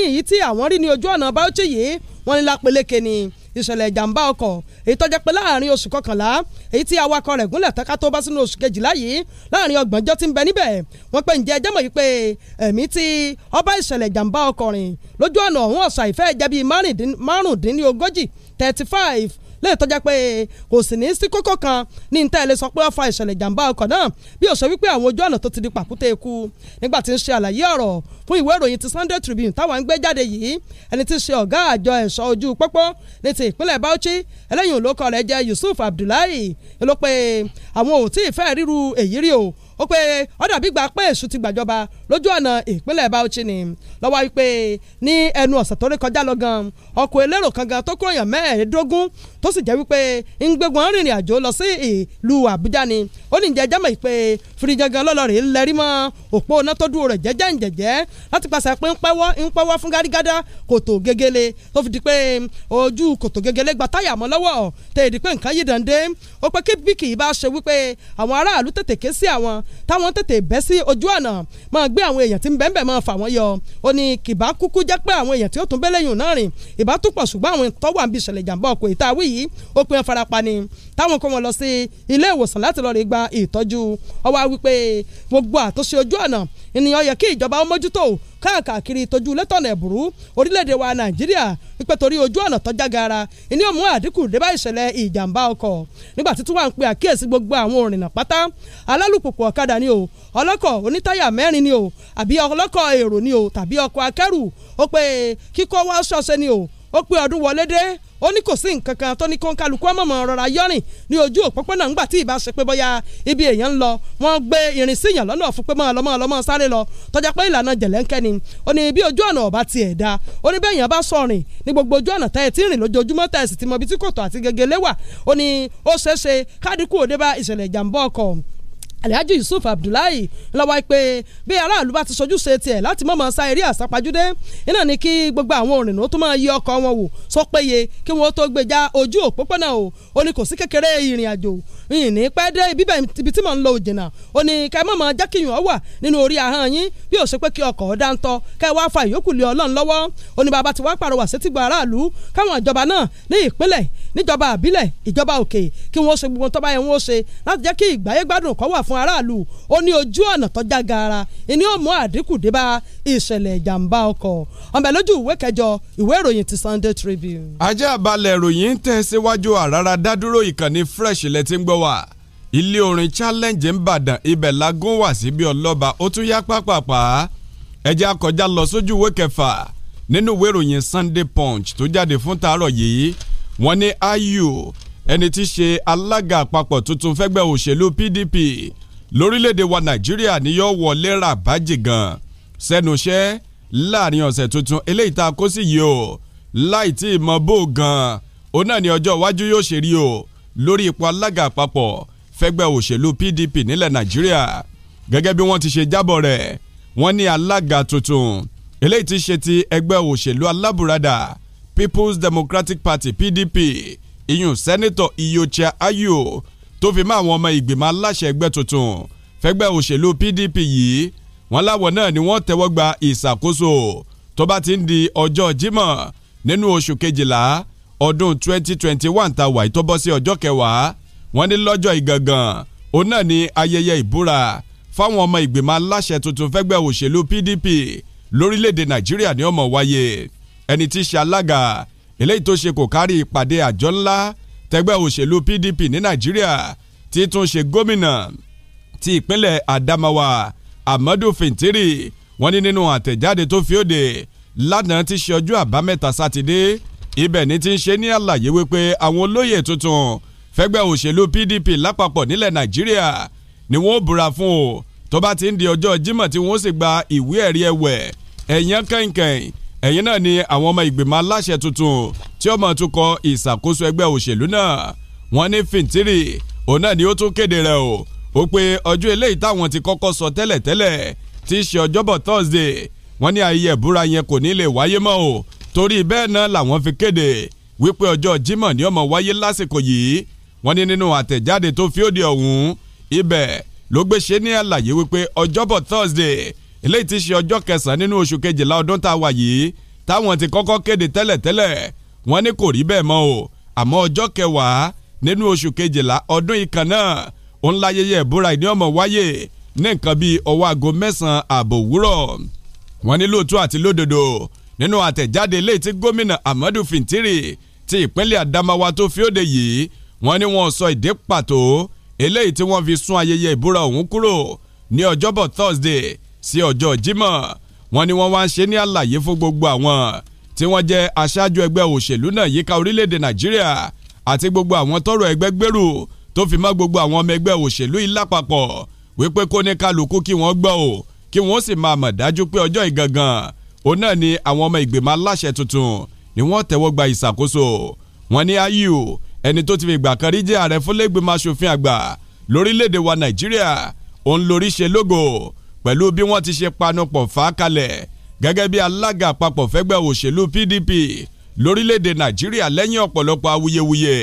èyí tí àwọn rí ní ojú ọ̀nà báwọ́chì yìí wọ́n ní lápẹ̀lẹ́kẹ̀ ni ìṣẹ̀lẹ̀ ìjàmbá ọkọ̀ èyí tó jẹ́ pé láàrin oṣù kọkànlá èyí tí awakọ̀ rẹ̀ gúnlẹ̀ tán ká tó bá sínú oṣù kejìlá yìí láàrin ọgbọ̀njọ́ tí ń bẹ níbẹ̀ wọ́n pé ǹjẹ́ ẹjẹ́ mọ̀ yìí pé ẹ̀mí tí ọba ìṣẹ̀lẹ̀ ìjàmbá ọkọ̀ rìn lójú ọ̀nà ọ̀hún ọ̀sà ìfẹ́ jẹ́ bíi márùndínlógójì thirty five lẹ́yìn tọ́já pé kò sì ní sí kókó kan ní níta ẹ̀ lè sọ pé ó fa ìṣẹ̀lẹ̀ ìjàmbá ọkọ̀ náà bí ó ṣe wípé àwọn ojú ọ̀nà tó ti di pàkúté ikú nígbà tí ń ṣe àlàyé ọ̀rọ̀ fún ìwé ìròyìn ti Sunday Tribune táwọn ń gbé jáde yìí ẹni tí ń ṣe ọ̀gá àjọ ẹ̀ṣọ́ ojú pópó ní ti ìpínlẹ̀ Bauchi eléyìí olókọ rẹ̀ jẹ́ Yusuf Abdullahi ló pé àwọn ò tí ì fẹ́ ríru èyí rí o ó pé ọ̀dà bí gba pé èṣù ti gbàjọba lójú ọ̀nà ìpínlẹ̀ Bauchi ni lọ́wọ́ wípé ní ẹnu ọ̀sẹ̀ tó rí kọjá lọ gan ọkọ̀ elérò kan gan tó kó èèyàn mẹ́ẹ̀ẹ́dógún tó sì jẹ́ wípé ń gbégbọn rìnrìn àjò lọ sí ìlú Àbújá ni ó ní ìjẹ́jẹ́ mọ̀ pé firijangan lọ́lọ́rin lẹ́rí mọ́ òpó iná tó dúró rẹ̀ jẹ́jẹ́ ǹjẹ̀jẹ́ láti pàṣẹ pé ń pẹ́wọ́ ń pẹ́wọ́ fún gádígádá kòtò gegele tó fi di pé ojú kòtò gegele gba táyà mọ́ lọ́wọ́ tẹ̀ èdè pé nǹkan yìí dàndé ó pé kí bí kì í bá ṣe wípé àwọn aráàlú tètè ké sí àwọn táwọn tètè bẹ́ sí ojú ọ̀nà máa gbé àwọn èèyàn tí ń bẹ́ẹ̀ bẹ́ẹ̀ máa fà wọ́n yọ ó ní kìbá kúkú jẹ́ pé àwọn èèyàn tí ó tún bẹ́lẹ̀ yùn náà rìn ìbá tún pọ̀ ṣùgbọ́n àwọn tó wà ìṣẹ̀lẹ̀ ìjàmbá ọkọ̀ ìta àwí yìí ó pin farapa ni táwọn kó wọn lọ sí ilé ìwòsàn láti lọ rí gba ìtọ́jú ó wá wípé gbogbo àtúnṣe ojú ọ̀nà ènìyàn yẹ kí ìjọba ó mójútó káàkiri tójú létọ̀nà ẹ̀bùrú orílẹ̀-èdè wa nàìjíríà wípé torí ojú ọ̀nà tó jágara ìní òmù àdínkù débá ìṣẹ̀lẹ̀ ìjàmbá ọkọ̀ nígbà tí tún wà ń pe àkíyèsí gbogbo àwọn òrìnnà pátá alálùpùpù ọ̀kadà ni o ọlọ́kọ̀ onítáyà mẹ́rin ni o àbí ọlọ́kọ̀ èrò ni o tàbí ọkọ̀ akẹ́rù ó pe kíkọ́ wá ṣọ́ọ̀ṣẹ́ ni o ó pe ọdún wọlé dé ó ní kò sí nǹkan kan tó ní kó ń kálukú ọmọọmọ rọra yọrìn ní ojú òpópónà ńgbà tí ìbá ṣe pé bóyá ibi èèyàn ń lọ wọ́n gbé irin síyàn lọ́nà fún pé mọ́ ọlọ́mọ ọlọ́mọ sáré lọ tọ́já pé ìlànà jẹ̀lẹ́ńkẹ́ ni ó ní bí ojú ọ̀nà ọ̀bá tiẹ̀ da ó ní bẹ́ẹ̀ yẹn bá sọ̀rìn ní gbogbo ojú ọ̀nà tẹ́ẹ̀ tí rìn lójoojúmọ́ tẹ́ẹ̀ sì ti mọ ibi tí kòtò àti gegele wà ó ní ó ṣeéṣe kádìkù òde bá ìṣẹ̀lẹ̀ ìjàmbá ọkọ̀ alhaji yusuf abdullahi lọ́wọ́ pé bí aráàlú bá ti sojúṣe tiẹ̀ láti mọ̀mọ́ sa eré àsápajúdé iná ní kí gbogbo àwọn òrìnnà tó máa yí ọkọ̀ wọn wò sọ péye kí wọ́n tó gbèjà ojú òpópónà o ó ní kò sí kékeré ìrìn àjò ìní pẹ́ dé bíbẹ̀ ibi tí mò ń lọ òjìnà ó ní ká ẹ mọ̀mọ́ jákèyàn ọ wà nínú orí ahọ́n yín bí ó ṣe pé kí ọkọ̀ ọ̀dà ń tọ́ ká ẹ wá fa ìyókù lé ọlọ́run lọ́wọ́ ó ní bàbá ti wá pàrọwà sétígbọ̀ aráàlú káwọn ìjọba náà ní ìpínlẹ̀ níjọba àbílẹ̀ ìjọba òkè kí wọ́n ṣe gbogbo tọ́ba yẹn wọ́n ṣe láti jẹ́ kí ìgbáyé gbádùn kọ́ wà fún aráàlú ó ní ojú ọ̀nà tó gaara ìní ó àdínkù dé bá ìṣẹ̀lẹ̀ ìjàmbá ọkọ̀ ọ̀nbẹ lójú ìwé kẹjọ ìwé ìròyìn ti Sunday Tribune. ajá balẹ̀ ìròyìn ń tẹ̀ síwájú àràrà dádúró ìkànnì fresh lẹ́tí ń gbọ́ wá ilé orin challenge ń bàdàn ibẹ̀ lagún wà sí bí ọlọ́ba ó tún yá pápápá ẹjẹ́ akọjá lọ sójú ìwé kẹfà nínú ìwé ìròyìn Sunday Punch tó jáde fún tàárọ̀ yìí wọ́n ní Ayu ẹni tí í ṣe alága àpapọ̀ tuntun fẹ́gbẹ́ òṣèlú PDP lórílẹ̀‐èdè wa Nàìjíríà ni yóò wọlé rà bájì gan sẹ́nu iṣẹ́ láàrin ọ̀sẹ̀ tuntun eléyìí tá a kó sí yìí o láì tí ì mọ bó gan òun náà ní ọjọ́ iwájú yóò ṣe rí o lórí ipò alága àpapọ̀ fẹ́gbẹ́ òṣèlú PDP nílẹ̀ Nàìjíríà gẹ́gẹ́ bí wọ́n ti ṣe jábọ̀ rẹ̀ wọ́n ní alága tuntun eléyìí ti ṣe ti ẹgbẹ́ òṣèlú alábùradà People's Democratic Party PDP ìyún sẹ́nitọ̀ Iyochia Ayu tó fi mọ́ àwọn ọmọ ìgbìmọ̀ aláṣẹ ẹgbẹ́ tuntun fẹ́gbẹ́ òṣèlú PDP yìí wọ́n láwọn náà ni wọ́n tẹ́wọ́ gba ìṣàkóso tó bá ti ń di ọjọ́ Jímọ̀ nínú oṣù kejìlá ọdún 2021 ta wà tó bọ́ sí ọjọ́ kẹwàá wọ́n ní lọ́jọ́ ìgangan òun náà ni ayẹyẹ ìbúra fáwọn ọmọ ìgbìmọ̀ aláṣẹ tuntun fẹ́gbẹ́ òṣèlú PDP lórílẹ̀‐èdè Nàìjíríà ni ó wáyé ẹni tí í ṣe alága eléyìí tó ṣe kò kárí ìpàdé àjọ ńlá tẹgbẹ́ òṣèlú PDP ní Nàìjíríà tí tún ṣe gómìnà ti ìpínlẹ̀ Adamawa Amadu Fintiri wọ́n ní nínú àtẹ̀jáde tó fi òde lánàá ti ṣe ọjọ́ àbámẹ́ta sátidé ibẹ̀ ni ti ń ṣe ní àlàyé wípé àwọn olóyè tuntun fẹ́gbẹ́ òṣèlú PDP lápapọ̀ nílẹ̀ Nàìjíríà ni wọ́n ó búra fún o tó bá ti ń di ọjọ́ Jímọ̀ tí wọ́n sì gba ìwé ẹ̀rí ẹ̀wẹ̀ ẹ̀yán kẹ̀kẹ̀ ẹ̀yìn náà ni àwọn ọmọ ìgbìmọ̀ aláṣẹ tuntun tí ó máa tún kọ ìṣàkóso ẹgbẹ́ òṣèlú náà wọ́n ní fìntírì òun náà ni ó tún kéde rẹ̀ o ó pé ọjọ́ eléyìí táwọn ti kọ́kọ́ sọ tẹ́lẹ̀tẹ́lẹ̀ tí í ṣe ọjọ́bọ̀ Thursday wọ́n ní ayẹyẹ ìbúra yẹn kò ní lè wáyé mọ́ o torí bẹ́ẹ̀ náà làwọn fi kéde wípé ọjọ́ Jímọ̀ ni ó máa wáyé lásìkò yìí wọ́n ní nínú àtẹ̀jáde tó fi ó ọ̀hún ibẹ̀ ló gbé ṣe ní àlàyé wípé ọjọ́bọ̀ Thursday eléyìí ti ṣe ọjọ́ kẹsàn-án nínú oṣù kejìlá ọdún tá a wà yìí táwọn ti kọ́kọ́ kéde tẹ́lẹ̀tẹ́lẹ̀ wọ́n ní kò rí bẹ́ẹ̀ mọ́ o àmọ́ ọjọ́ kẹwàá nínú oṣù kejìlá ọdún yìí kan náà òun láyẹyẹ ìbúra ìní ọmọ wáyé ní nǹkan bíi ọwọ́ aago mẹ́sàn-án ààbò òwúrọ̀ wọ́n ní lóòótọ́ àti lódodo nínú àtẹ̀jáde eléyìí tí gómìnà Ahmadu Fintiri ti ìpínlẹ̀ Adamawa tó fi òde yìí wọ́n ní wọ́n sọ ìdí pàtó eléyìí tí wọ́n fi sún ayẹyẹ ìbúra òun kúrò ní ọjọ́bọ̀ Thursday sí ọjọ́ Jímọ̀ wọ́n ní wọ́n wá ń ṣe ní àlàyé fún gbogbo àwọn tí wọ́n jẹ́ aṣáájú ẹgbẹ́ òṣèlú náà yíká orílẹ̀-èdè Nàìjíríà àti gbogbo àwọn tọ́rọ̀ ẹgbẹ́ gbèrú tó fi mọ́ gbogbo àwọn ọmọ ẹgbẹ́ òṣèlú yìí lápapọ̀ wípé kó ní kálukú kí wọ́n gbọ́ ò kí wọ́n sì máa mọ̀ dájú pé ọjọ́ ìgangan òun náà ni àwọn ọmọ ìgbìmọ̀ aláṣẹ tuntun ni wọ́n tẹ́wọ́ gba ìṣàkóso wọn ní Ayu ẹni tó ti fi ìgbà kan rí jẹ́ ààrẹ fúnlẹ́gbẹ̀mọ aṣòfin àgbà lórílẹ̀‐èdè wa Nàìjíríà òun lórí ṣe lógo pẹ̀lú bí wọ́n ti ṣe panupọ̀ fà á kalẹ̀ gẹ́gẹ́ bí alága àpapọ̀ fẹ́gbẹ́ òṣèlú PDP lórílẹ̀‐èdè Nàìjíríà lẹ́yìn ọ̀pọ̀lọpọ̀ awuyewuye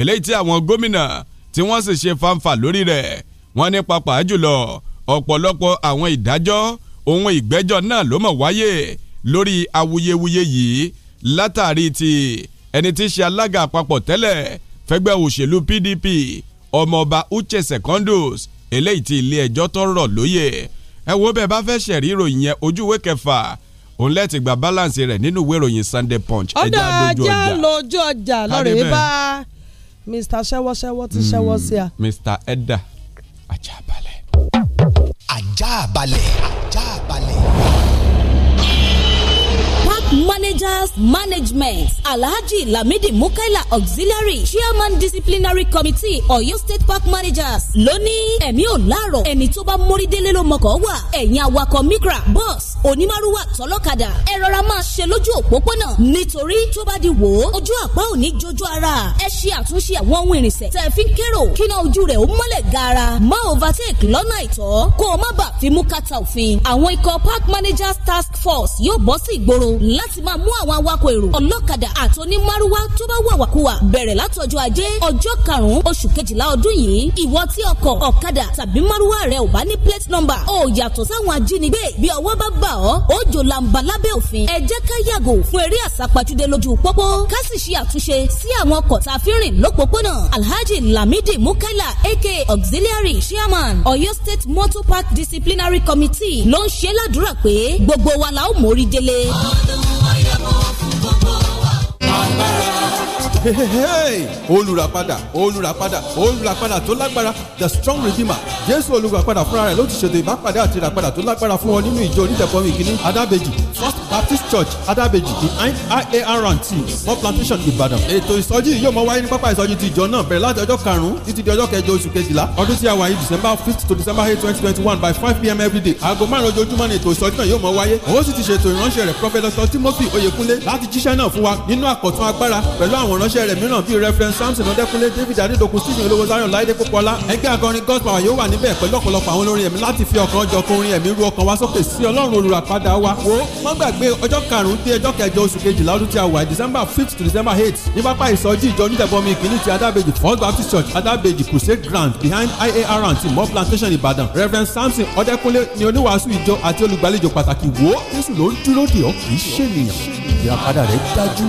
eléyìí tí àwọn gómìnà tí wọ́n sì ṣe fanfa lórí rẹ̀ wọ́n ní papà jùlọ ọ̀pọ̀lọpọ̀ àwọn ìdájọ́ ohun ìgbẹ́jọ́ náà ló mọ̀ wáyé lórí awuyewuye yìí látàrí ti ẹni tí í ṣe alága àpapọ̀ tẹ́lẹ̀ fẹ́gbẹ́ òṣèlú PDP ọmọọba Uche Secondus eléyìí tí ilé ẹjọ́ tó rọ̀ lóyè ẹ wo bẹ́ẹ̀ bá fẹ́ ṣẹ̀rí ìròyìn yẹn ojú ìwé kẹfà òun lẹ́ẹ̀tì gba balance rẹ̀ nínú ìwé ìròyìn Sunday Punch ẹja lójú ọjà ọjà lójú ọjà lọ́rẹ̀ẹ́ bá Mr ṣẹ́wọ́ṣẹ́wọ́ ti hmm, ṣẹ́wọ́ sí a. Mr Edda Ajaabale. Ajaabale. Ajaabale managers management alhaji lamidi mukaila auxiliary chairman disciplinary committee ọ̀yọ́ state park managers lónìí ẹ̀mí ò láàrọ̀ ẹni tó bá mórí délé ló mọ̀kọ́ wà ẹ̀yin awakọ̀ micra bus onímàrúwà tọlọ́kadà ẹ rọra máa ṣe lójú òpópónà nítorí tó bá di wò ó ojú àpá ò ní jojú ara ẹ ṣe àtúnṣe àwọn ohun ìrìnsẹ̀ tẹ̀ fi ń kérò kíná ojú rẹ̀ ó mọ́lẹ̀ gaara má overtake lọ́nà àìtọ́ kó o má bàa fi mú kàtà òfin àwọn ikọ̀ park managers task force yóò bọ́ sí ìgboro láti máa mú àwọn awakọ̀ èrò ọlọ́kadà àtọ́nímàrúwà tó bá wàwàkuwà bẹ̀rẹ̀ látọjọ́ ajé ọjọ́ karùn gbà ọ́ òjò làǹbà lábẹ́ òfin ẹ jẹ́ ká yàgò fún eré àsápajúdé lójú pópó ká sì ṣe àtúnṣe sí àwọn ọkọ̀ tá a fi rìn lópòpónà alhaji lamidi mukaila aka auxiliary chairman Oyo state motor park disciplinary committee ló ń ṣe ládùúrà pé gbogbo wa la ó mórí délé. ọdún ayẹwo fún olùràpadà olùràpadà olùràpadà tó lágbára the strong redeemer jésù olùràpadà fúnra rẹ̀ ló ti ṣètò ìbápadà àti ìràpadà tó lágbára fún wọn nínú ìjọ onídẹ̀kọ́mi ìkíní adábẹ́jì first baptist church adábẹ́jì behind iarnt mọ́ plantation ìbàdàn ètò ìsọjí yìí yóò mọ wáyé ní pápá ìsọjí ti ìjọ náà bẹ̀rẹ̀ láti ọjọ́ karùn-ún títí di ọjọ́ kẹjọ oṣù kejìlá ọdún tí a wà yìí december fifth to december eight twenty twenty one by five pm every day aago márùn-ún ojoojúmọ́ ni ètò ìsọjí náà yóò mọ wáyé òun sì ti ṣètò ìránṣẹ́ rẹ̀ prọfẹ̀dọ̀tọ̀ timothy oyekunle láti jíṣẹ́ náà fún wa nínú àkọ̀tún agbára pẹ̀lú àwọn ìránṣẹ́ ìránṣẹ́ rẹ̀ mìíràn bíi reference samson ọdẹkùnlé david adédokun stephen olówó zion láìdé pópọlá ẹgbẹ́ akọrin gospel yóò wà níbẹ̀ pẹ̀lú ọ̀pọ̀lọpọ̀ àwọn olórin ẹ̀mí láti fi ọkàn jọkan orin ẹ̀mí ru ọkàn wa sókè sí ọlọ́run olùràpadà wa wo wọ́n gbàgbé ọjọ́ karùn-ún dé ọjọ́ kẹjọ oṣù kejìlá ọdún tí a wà december fifth to december eight ní pápá ìsọjí ìjọ onídàbọmi ìkíní ti adábẹ́jì first baptist church adábẹ́jì crusade ground behind iar and timor plantation ìbàdàn reverend samson ọdẹkùnlé ni oníwàásù ìjọ àti olùgbàlejò pàtàkì wo jésù ló ń dúró dè ọ́ kì í ṣèlè ìyàpadà rẹ̀ dájú.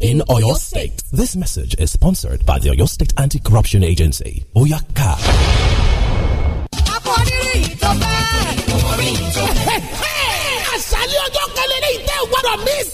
in Oyo State. This message is sponsored by the Oyo State Anti Corruption Agency, Oyaka. ìtẹ́ miss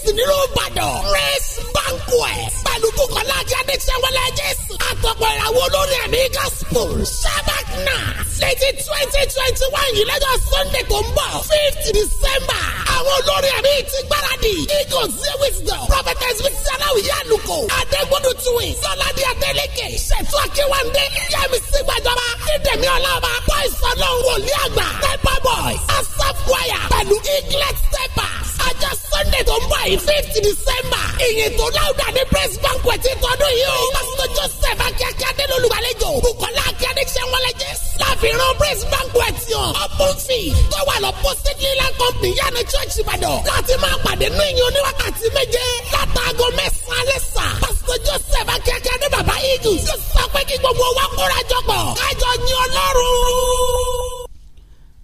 Race banquet. olùkú kọ́lá jáde sẹ́wọ́lẹ̀ jésù. àtọ̀pọ̀ ìràwọ̀ olórin ẹ̀mí gospel sábàkínà létí twenty twenty one yìí lọ́jọ́ sunday tó ń bọ̀ fifth december. àwọn olórin ẹ̀mí ti gbáradì. eagle zee the prophetess wisdom aláwìyá àlùkò adégbòdù tuwe sọládì adélèké ṣètò akéwàndé yẹmísí gbàjọba dídèmí ọlọ́ba boys ọlọ́run wòlíì àgbà pepper boys asaf choir pẹ̀lú eaglet steppers àjọ sunday tó ń bọ̀ yìí fifth december ìyètò láwùdà ní press bank banquet ti tọdún yìí o. pásítọ̀ joseph akíákí adélo olùgbàlejò bukola akíade sẹ́wọ́lẹ́jẹ́ láfihàn praise banquet yàn. open field tó wà lọ posted leland company yánni church ìbàdàn láti máa pàdé ní ìyẹn oníwákàtí méje látàgọ́ mẹ́sàn-án alẹ́ sà. pásítọ̀ joseph akíákí adé bàbá eagles yóò sọ pé kí gbogbo wa kóra jọ pọ̀ kájọ ní ọlọ́run.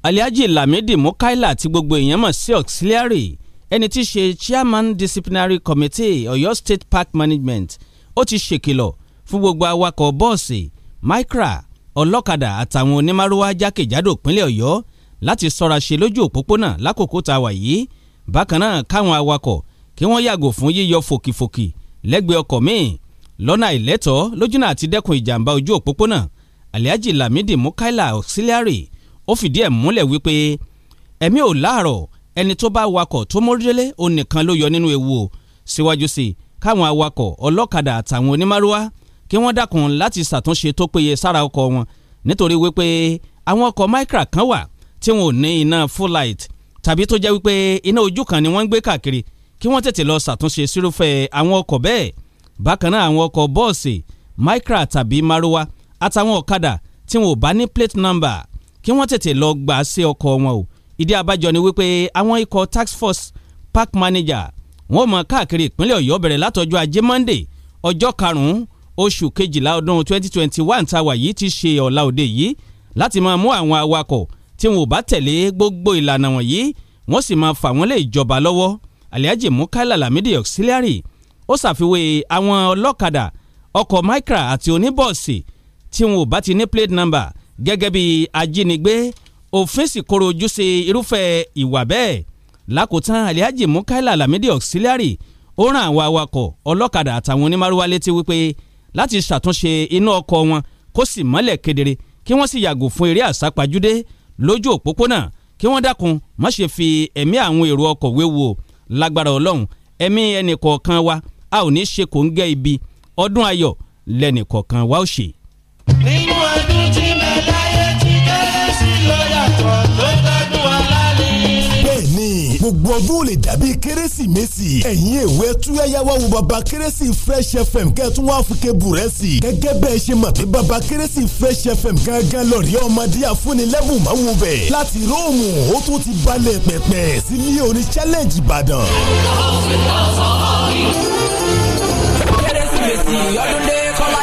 aliaji lamidi mukaila àti gbogbo èèyàn mọ̀ sí auxiliary ẹni tí í ṣe chairman disciplinary committee Ọ̀yọ́ state park management ó ti ṣèkìlọ̀ fún gbogbo awakọ̀ bọ́ọ̀sì micra ọlọ́kadà àtàwọn onímàrúwá jákèjádò ìpínlẹ̀ Ọ̀yọ́ láti ṣọ́ra ṣe lójú òpópónà lákòókò tá a wà yìí bákan náà káwọn awakọ̀ kí wọ́n yàgò fún yíyọ fòkìfòkì lẹ́gbẹ̀ẹ́ ọkọ̀ míì lọ́nà àìlẹ́tọ̀ọ́ lójúnà àti dẹ́kun ìjàmbá ojú òpópónà Alhaji Lamidi Mukaila Auxiliary ó fìdí ẹ̀ múlẹ̀ wípé ẹ̀mí ò láàárọ̀ ẹni tó bá wakọ̀ tó mórídélé òun nìkan ló yọ nínú ewu o síwájú sí i káwọn awakọ̀ ọlọ́kadà àtàwọn onímárúwá kí wọ́n dákun láti ṣàtúnṣe tó péye sára ọkọ̀ wọn nítorí wípé àwọn ọkọ̀ micra kan wà tí wọn ò ní iná full light tàbí tó jẹ́ wípé iná ojú kan ni wọ́n ń gbé káàkiri kí wọ́n tètè lọ ṣàtúnṣe sírúfẹ́ àwọn ọkọ̀ bẹ́ẹ̀ bákan náà àwọn ọkọ̀ bọ́ọ̀sì micra tàbí márúwá àtàwọn ọ̀kadà tí wọn ò bá ní plate number kí wọ́n tètè lọ gbà á sí ọkọ̀ wọn o ìdí abájọ ni wípé àwọn ikọ̀ task force park manager wọn mọ káàkiri ìpínlẹ̀ ọ̀yọ́ bẹ̀rẹ̀ látọjọ́ ajé monday ọjọ́ karùn-ún oṣù kejìlá ọdún 2021 tàwa yìí ti ṣe ọ̀la òde yìí láti máa mú àwọn awakọ̀ tí wọn ò bá tẹ̀lé gbogbo ìlànà wọ̀nyí wọ́n sì máa fà wọ́n lé ìjọba lọ́wọ́ Alhaji Mukaila Lamidi Auxiliary ó ṣàfiwé àwọn ọlọ́kadà ọkọ̀ micra àti oníbọ̀ọ̀sì tí wọn ò bá ti ní plate number gẹ́gẹ́ bí ajínigbé òfin sì koro ojú sí irúfẹ́ ìwà bẹ́ẹ̀ lákòótán Alhaji Mukaila Lamidi Auxiliary ó rán àwọn awakọ̀ ọlọ́kadà àtàwọn onímàrúwá létí wípé láti ṣàtúnṣe iná ọkọ̀ wọn kó sì mọ́lẹ̀ kedere kí wọ́n sì yàgò fún eré àsápajúdé lójú òpópónà kí wọ́n dákun má ṣe fi ẹ̀mí àwọn èrò ọkọ̀ wéwu o lágbára ọlọ́run ẹ̀mí ẹnìkọ̀ọ̀kan wa a ò ní ṣe kò ń gẹ́ ibi ọdún ayọ̀ lẹ́nìkọ̀ọ̀kan wa ó ṣe. gbogbo ọdún ò lè dàbí kérésìmesì ẹ̀yin èwe túyáyáwá wo baba kérésì fresh fm kẹ́tún wá fún kébù rẹ̀ sí gẹ́gẹ́ bẹ́ẹ̀ ṣe mọ̀ pé baba kérésì fresh fm gángan lọ́ọ̀rì ọmọdé àfúnilẹ́bùn máa wù bẹ̀ láti róòmù ó tún ti balẹ̀ pẹ̀pẹ̀ sílé orin challenge ìbàdàn. kérésìmesì ọdún dé kọ́lá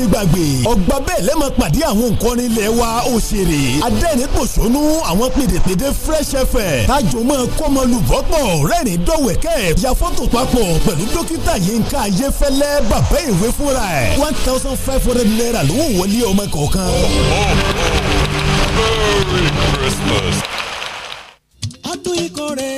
ní gbàgbé ọgbà bẹ́ẹ̀ lẹ́mọ̀ pàdé àwọn nǹkan ilé wa òṣèré adẹ́rìn pòṣónú àwọn pèdèpèdè fresh fm tájò máa kọ́mọ lùbọ́pọ̀ rẹ́rìn dọ́wẹ̀kẹ́ ya fọ́tò papọ̀ pẹ̀lú dókítà yínká ayéfẹ́lẹ́ bàbá ìwé fúnra ẹ̀ one thousand five hundred naira ló ń wọlé ọmọ kọ̀ọ̀kan. Oh, oh, oh. Merry Christmas. ọdún ìkórè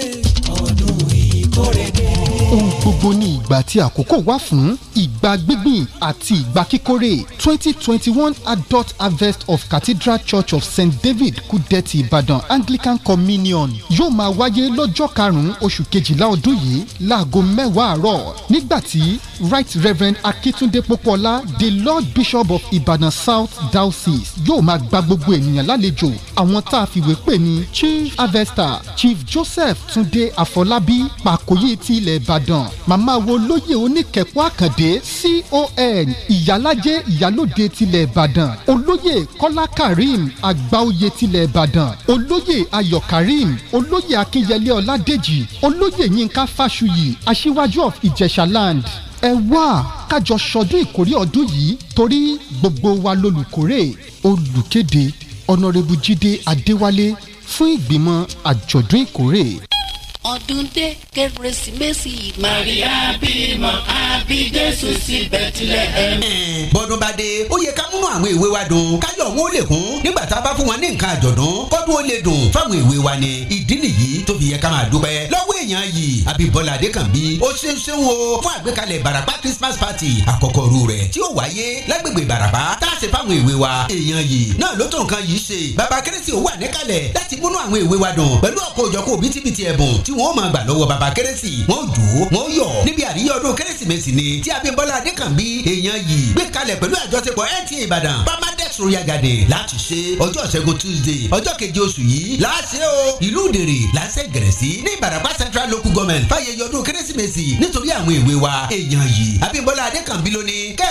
ọdún ìkórè dé ohun gbogbo ní ìgbà tí àkókò wà fún ìgbà gbígbìn àti ìgbà kíkórè twenty twenty one adult harvest of cathedral church of st david kúdẹ́tì ìbàdàn anglican communion yóò máa wáyé lọ́jọ́ karùn-ún oṣù kejìlá ọdún yìí láago mẹ́wàá àárọ̀ nígbà tí right reverend akitunde popola the lord bishop of ibadan south diocese yóò máa gba gbogbo ènìyàn lálejò àwọn tá a fìwé pè ní chief harvester chief joseph tunde afolabi pàkóyè ti ilẹ̀ ìbàdàn ìbàdàn màmá wo lóyè oníkẹ̀kọ́ àkàndé con ìyálàjẹ ìyálòde tilẹ̀ ìbàdàn olóyè kọ́lá karim àgbáoyè tilẹ̀ ìbàdàn olóyè ayọ̀ karim olóyè akínyẹlé ọládèjì olóyè yínká fásùyì aṣíwájú of ìjẹ̀ṣà land ẹ wá kájọ ṣọdún ìkórè ọdún yìí torí gbogbo wa lolùkórè olùkéde ọ̀nàrẹ́bù jíde adéwálé fún ìgbìmọ̀ àjọ̀dún ìkórè ọdún dé kérésìmesì maria bímọ àbí jésù sí bẹ́tílẹ́hẹ́m. bọ́dún bá dé ó yẹ ká múnú àwọn èwe wa dùn káyọ̀ wọn ó lè kún nígbà tá a bá fún wọn ní nǹkan àjọ̀dún kọ́dún ó lè dùn fáwọn èwe wa ni ìdí nìyí tó fi yẹ ká máa dúpẹ́ lọ́wọ́ èèyàn yìí abíbọ́lá adékànbí ó ṣeun ṣeun o fún àgbékalẹ̀ ìbàràpá christmas party àkọ́kọ́ ru rẹ̀ tí ó wáyé lágbègbè ìbàràpá tá a ṣe fáwọn èwe wa èèyàn yìí náà ló tó nǹkan yìí ṣe bàbá kérésì ó wà níkàlẹ̀ láti múnú àwọn èwe wa dùn pẹ̀lú ọ̀pọ̀ òjọ̀kọ̀ òbítíbitì ẹ̀bùn tí tí wọ́n máa gbà lọ́wọ́ bàbá kérésì wọ́n ò jó wọ́n ò yọ̀ níbi àríyá ọdún kérésìmesì ni tí abímbọ́lá adékànbí èèyàn yìí gbé kalẹ̀ pẹ̀lú àjọṣepọ̀ nta ìbàdàn bamadex royal láti ṣe ọjọ́ ìṣẹ́gun tuesday ọjọ́ keje oṣù yìí láṣẹ o ìlú ìdèrè láṣẹ gẹ̀rẹ́sì ní ìbàràpá central local government fàyẹyẹ ọdún kérésìmesì nítorí àwọn èwe wa èèyàn yìí abímbọ́lá adékànbí ló kẹ́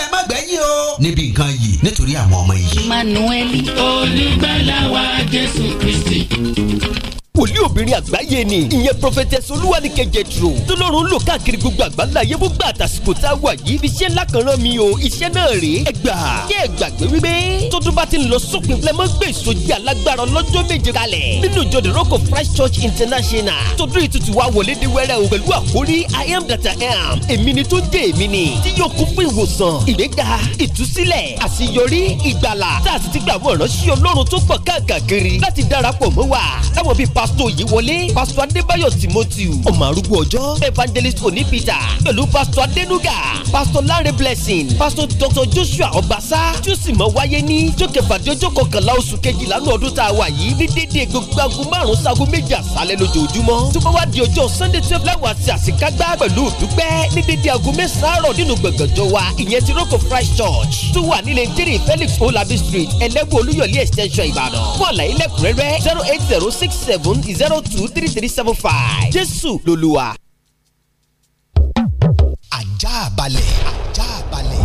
ẹ káàkiri àgbáyé ni ìyẹn prophetess olúwaníkẹ́ jẹ̀trò tọ́lọ́run lò káàkiri gbogbo àgbáńlá ayé gbogbo àtàsìkò tá a wà yìí fi iṣẹ́ ńlá kan rán mi o iṣẹ́ náà rèé ẹ gbà kí ẹ gbàgbé wípé tọdún bá ti ń lọ sópin lẹ́mọ́ gbé ìsọjí alágbára ọlọ́jọ́ méje kalẹ̀ nínú ìjọ the rock of christ church international tọdún ìtutù wa wọlé dé wẹ́rẹ́ o pẹ̀lú àkórí i am that i am èmi ni tó ń jẹ́ èmi ni tí yóò kún fún ìwòsàn ìgbéga ìtúsílẹ̀ àṣeyọrí ìgbàlà tá a sì ti gbà wọ́n ránṣẹ́ ọlọ́run tó pọ̀ káàkiri láti darapọ̀ mọ́ wa láwọn bíi pásítọ̀ yìí wọ adéwọlé pásítọ̀ adébáyọ̀ timothy ọmọ arúgbó ọjọ́ evangelist òní peter pẹ̀lú pásítọ̀ adénúgà pásítọ̀ láre blessing pásítọ̀ dr joshua ọbaṣá tí ó sì mọ wáyé ní jókèfàdéjọ́ kọkànlá oṣù kejìlá ní ọdún tá a wà yìí ní dédé gbogbo aago márùn-ún méjì àṣálẹ́ lójoojúmọ́ tó bá wá di ọjọ́ sunday twelve láwọn àti àṣekágbá pẹ̀lú dúpẹ́ ní dédé aago mẹ́sàn-án nínú christ church tó wà felix olabi street ẹlẹ́gbẹ̀ẹ́ olúyọ̀lé extension ìbàdàn fún àlàyé lẹ́kùnrẹ́rẹ́ three three seven five jésù lolúwa. ajá balẹ̀ ajá balẹ̀.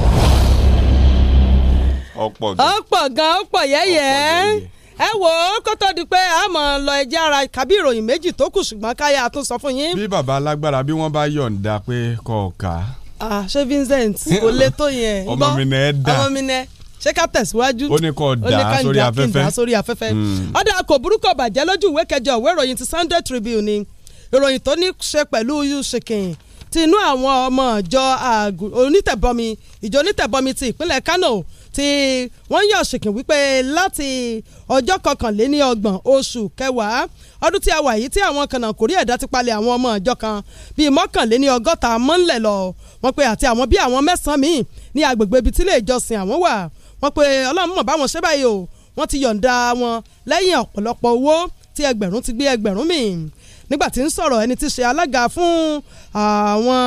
ọ̀pọ̀ gan ọ̀pọ̀ gan ọ̀pọ̀ yẹ́yẹ́ ẹ wò ó kó tó di pé a mọ̀ lọ ẹja ara kàbí ìròyìn méjì tó kù ṣùgbọ́n káyà tún sọ fún yín. bí baba alágbára bí wọ́n bá yọ̀ǹda pé kọ̀ọ̀ka. ah ṣé Vincent kò lè tó yẹn. ọmọ mi nẹ dà ọmọ mi nẹ ṣé ká tẹ̀síwájú ó ní kò dá sórí afẹ́fẹ́ sórí hmm. afẹ́fẹ́ ọ̀dà kò burúkọ bàjẹ́ lójú ìwé kẹjọ ìwé ìròyìn ti Sunday Tribune ni ìròyìn tó ní ṣe pẹ̀lú yusukin ti inú àwọn ọmọ ìjọ onítẹ̀bọmi ìjọ onítẹ̀bọmi ti ìpínlẹ̀ Kano tí wọ́n yàn ṣìkìn wípé láti ọjọ́ kọkànléní ọgbọ̀n oṣù kẹwàá ọdún tí a wà yìí tí àwọn kànáńkórí ẹ̀dá ti palẹ̀ àwọn ọmọ ìjọ kan bíi mọ́kànléní ọgọ́ta mọ́ńlẹ̀ lọ wọ́n pe àti àwọn bíi àwọn mẹ́sàn-án míì ní agbègbè ibi tí ilé ìjọsìn àwọn wà wọ́n pe ọlọ́run mọ̀ báwọn ṣe báyìí o wọ́n ti yọ̀ǹda wọn lẹ́yìn ọ̀pọ̀lọpọ̀ owó tí ẹgbẹ̀rún ti gbé ẹgbẹ̀rún mi nígbà tí ń sọ̀rọ̀ ẹni tí ṣe alága fún àwọn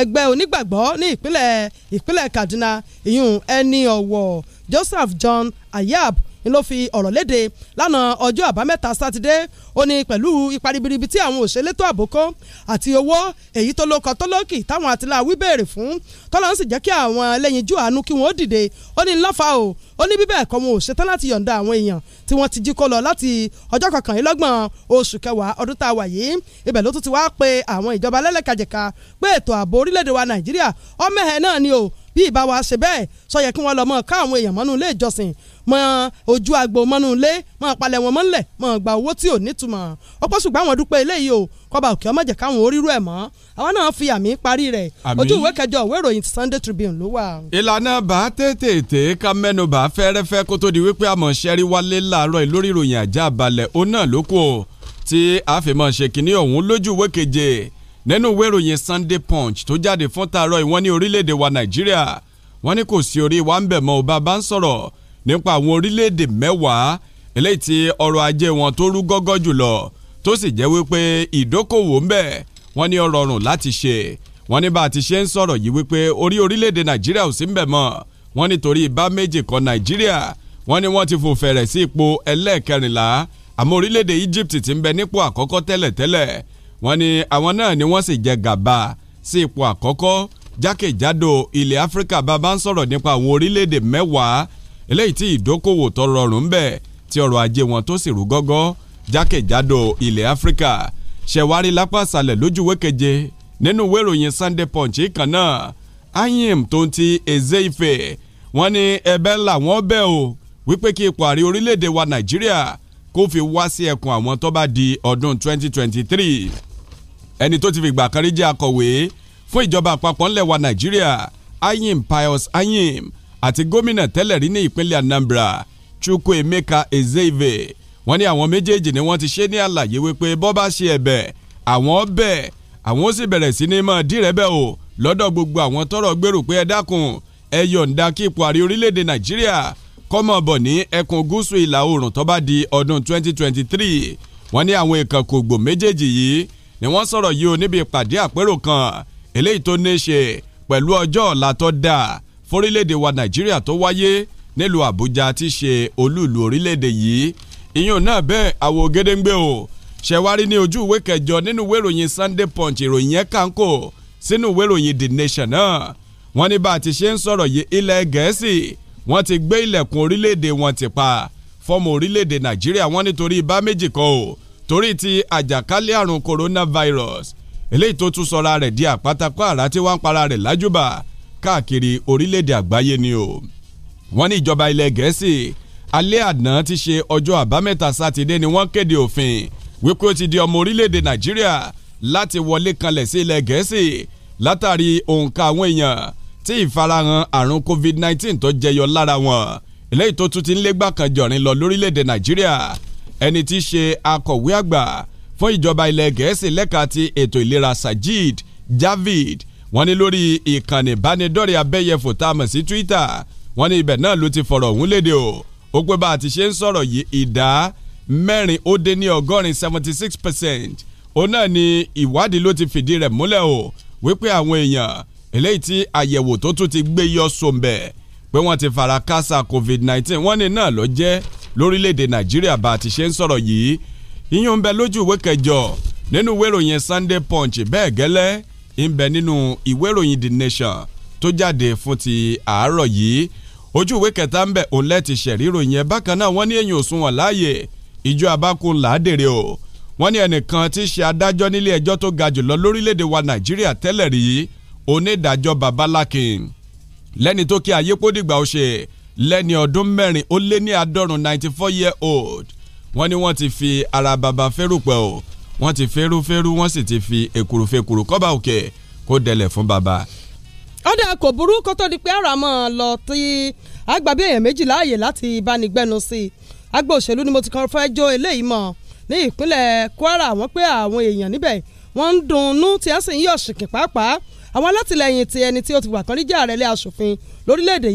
ẹgbẹ́ onígbàgbọ́ ní ìpínlẹ̀ ìpínlẹ̀ Kaduna ìyún ẹni ọ̀wọ̀ Joseph John Ayab ni ló fi ọ̀rọ̀ léde lánàá ọjọ́ àbámẹ́ta sátidé ó ní pẹ̀lú ipa ribiribi tí àwọn òṣèlétò àbókó àti owó èyí tó lóko tó lókì táwọn àtìláwí béèrè fún tọ́lọ́run sì jẹ́ kí àwọn ẹlẹ́yinjú àánú kí wọ́n dìde ó ní ńlọ́fà o ó ní bíbẹ̀ ẹ̀kọ́ wọn ò ṣetán láti yọ̀ǹda àwọn èèyàn tí wọ́n ti jí kó lọ láti ọjọ́ kọkànlélọ́gbọ̀n oṣù kẹwàá ọdún tá a wà yìí ibẹ̀ ló tún ti wá pe àwọn ìjọba lẹ́lẹ́kajẹ̀ka pé ètò ààbò orílẹ̀-èdè wa Nàìjíríà ọmọ ẹ̀ náà ni o bí ìbá ṣe bẹ́ẹ̀ sọ yẹ kí wọ́n lọ mọ ká àwọn èèyàn mọ́nú ilé ìjọsìn mọ ojú agbo mọ́nú ilé mọ palẹ̀ wọn mọ́lẹ̀ mọ gba owó tí ò nítumọ̀ ọ̀pọ̀ ṣùgbọ́n àwọn dúpẹ́ eléyìí o kọba òkè ọmọ jẹ káwọn orírú ẹ̀ mọ́ àwọn náà fi àmì parí rẹ̀ ojú ìwé kẹjọ ìwé ìròyìn ti Sunday Tribune ló wà. ìlànà bá tètè ká mẹ́nubà fẹ́rẹ́fẹ́ kó tó di wípé àmọ̀ ṣẹ́rí wálé láàárọ̀ lórí ìròyìn àjá balẹ̀ ó náà ló tí àfẹ́mọ̀ ṣèkínní lójú ìwé keje nínú ìwé ìròyìn Sunday Punch tó jáde fún tààrọ ìwọ́n ní orílẹ̀-èdè wa Nàìjíríà wọ́n ní kò sí orí wa ń bẹ̀ mọ́ ọba bá ń sọ̀rọ̀ nípa àwọn orílẹ̀-èdè mẹ́wàá eléyìí tí ọrọ̀ ajé wọn tó rú gọ́gọ́ jùlọ tó sì jẹ́ wípé ìdókòwò ń bẹ̀ wọ́n ní ó rọrùn láti ṣe wọ́n ní bá a ti ṣe ń sọ̀rọ̀ yìí wípé orí orílẹ̀-èdè Nàìjíríà ò sí ń bẹ̀ Egypt ti ń bẹ nípò wọ́n ní àwọn náà ni wọ́n sì jẹ gàba sí ipò àkọ́kọ́ jákèjádò ilẹ̀ Áfíríkà bàbá ń sọ̀rọ̀ nípa àwọn orílẹ̀-èdè mẹ́wàá eléyìí tí ìdókòwò tó rọrùn ń bẹ tí ọrọ̀ ajé wọn tó sì rú gọ́gọ́ jákèjádò ilẹ̀ Áfíríkà ṣẹ̀wárí lápá àṣàlẹ̀ lójúwé keje nínú ìwé Sunday Punch kan náà ayim tó ń ti Ezeife wọ́n ní ẹ̀bẹ̀ làwọn bẹ̀ o wípé kí ipò àrí orílẹ̀-èdè wa Nàìjíríà kó fi wá sí ẹkùn àwọn tó bá di ọdún 2023 ẹni tó ti fi ìgbà kan rí jẹ́ akọ̀wé fún ìjọba àpapọ̀ ńlẹ̀ wa nàìjíríà ayim pius ayim àti gómìnà tẹ́lẹ̀ rí ní ìpínlẹ̀ anambra chukwuemeka ezeive wọ́n ní àwọn méjèèjì ni wọ́n ti ṣe ní àlàyé wípé bọ́ bá ṣe ẹ̀bẹ̀ àwọn bẹ̀ àwọn ó sì bẹ̀rẹ̀ sí ní mọ̀ dírẹ́bẹ̀ o lọ́dọ̀ gbogbo àwọn tọrọ gbèrò pé ẹ dákun ẹ yọ̀ǹda kí ipò àrí orílẹ̀-èdè nàìjíríà kọ́mọ̀ bọ̀ ní ẹkùn gúúsù ìlà oòrùn tó bá di ọdún 2023 wọ́n ní àwọn ìkànkògbò méjèèjì yìí ni wọ́n sọ̀rọ̀ yìí o níbi ìpàdé àpérò kan eléyìí tó ní í ṣe pẹ̀lú ọjọ́ ọ̀la tó dáa fórílẹ̀-èdè wa nàìjíríà tó wáyé nílùú àbújá ti ṣe olúùlú orílẹ̀-èdè yìí ìyún náà bẹ́ẹ̀ àwò gédéǹgbé o ṣẹ̀wárí ní ojú ìwé kẹjọ nínú ìwé ìròyìn Sunday Punch ìròyìn yẹn kàńkò sínú ìwé ìròyìn The Nation náà wọ́n ní bá a ti ṣe ń sọ̀rọ̀ yìí ilẹ̀ gẹ̀ẹ́sì wọ́n ti gbé ilẹ̀kùn orílẹ̀-èdè wọn ti pa fọ́mọ orílẹ̀-èdè nàìjíríà wọ́n nítorí ibà méjì kan o torí ti àjàkálẹ̀ àrùn coronavirus eléyìí tó tún sọra rẹ̀ di àpátákọ́ àrà tí wọ́n ń para rẹ̀ lájúbà káàkiri orílẹ̀-èdè àgbáyé ni o wọ́n ní ìjọba ilẹ̀ gẹ̀ẹ́sì alẹ́ àná ti ṣe ọjọ́ àbámẹ́ta sátidé ni wọ́n kéde òfin wípé ó ti di ọmọ orílẹ̀-èdè nàìjíríà láti wọlé kanlẹ̀ sí ilẹ̀ gẹ̀ẹ́sì látàrí òǹkà àwọn èèyàn tí ìfarahàn àrùn covid-19 tó jẹyọ lára wọn eléyìí tó tún ti ń lé gbàkanjọ̀rin lọ lórílẹ̀-èdè nàìjíríà ẹni tí í ṣe akọ̀wé àgbà fún ìjọba ilẹ̀ gẹ̀ẹ́sì lẹ́ka ti ètò ìlera Sajid Javid wọ́n ní lórí ìkànnì ìbánidọ́rẹ̀ abẹ́yẹfò tá a mọ̀ sí Twitter wọ́n ní ibẹ̀ náà ló ti fọ̀rọ̀ ọ̀hún léde o ó pé bá a ti ṣe ń sọ̀rọ̀ yìí ìdá mẹ́rin ó dé ní ọgọ́rin seventy six percent òun náà ni ìwádìí ló ti fìdí rẹ̀ múlẹ̀ o wípé àwọn èèyàn eléyìí tí àyẹ̀wò tó tún ti gbé yọ sóńbẹ̀ pé wọ́n ti fara kásá covid nineteen wọ́n ní náà ló jẹ́ lórílẹ̀‐èdè nàìjíríà bá a ti ṣe ń sọ̀rọ̀ yìí ìyún ń bẹ lójú ìwé kẹjọ nínú ìwé ìròyìn Sunday Punch bẹ́ẹ̀ gẹ́lẹ́ ń bẹ nínú ìwé ìròyìn The Nation tó jáde fún ti àárọ̀ yìí ojú ìwé kẹta ń bẹ òun lẹ́ẹ̀tì ṣẹ̀rí ìròyìn ẹ̀ bákan náà wọ́n ní èyàn ò sunwọ̀n láàyè ìjọ abákun làádèrè o wọ́n ní ẹnìkan tí í ṣe adájọ́ nílé ẹjọ́ tó ga jùlọ lórílẹ̀‐èdè wa Nàìjíríà tẹ́lẹ̀ rí onídàájọ́ Babalakin lẹ́ni tó kí ayépòdìgbà ó ṣe lẹ́ni ọdún mẹ́rin ó lé ní àádọ́rùn ninety four year old wọ́n ní wọ́n ti fi ara bàbá fẹ́rù pẹ̀ o wọ́n ti fẹ́rù fẹ́rù wọ́n sì ti fi èkùrù fẹ́kùrù kọ́ba òkè kó dẹlẹ̀ fún bàbá. ọ̀dà kò burú kó tó di pé àràmọ́ lọ tí agbábí èèyàn méjì láàyè láti ìbánigbẹ́nu sí i agbó òṣèlú ni mo ti kàn fẹ́ jó eléyìí mọ́ ní ìpínlẹ̀ Kwara wọ́n pé àwọn èèyàn níbẹ̀ wọ́n ń dunnú tí wọ́n sì ń yọ̀ ṣìnkìn pàápàá àwọn alátìlẹyìn ti ẹni tí ó ti wà kan rí jẹ́ ààrẹ ilé aṣòfin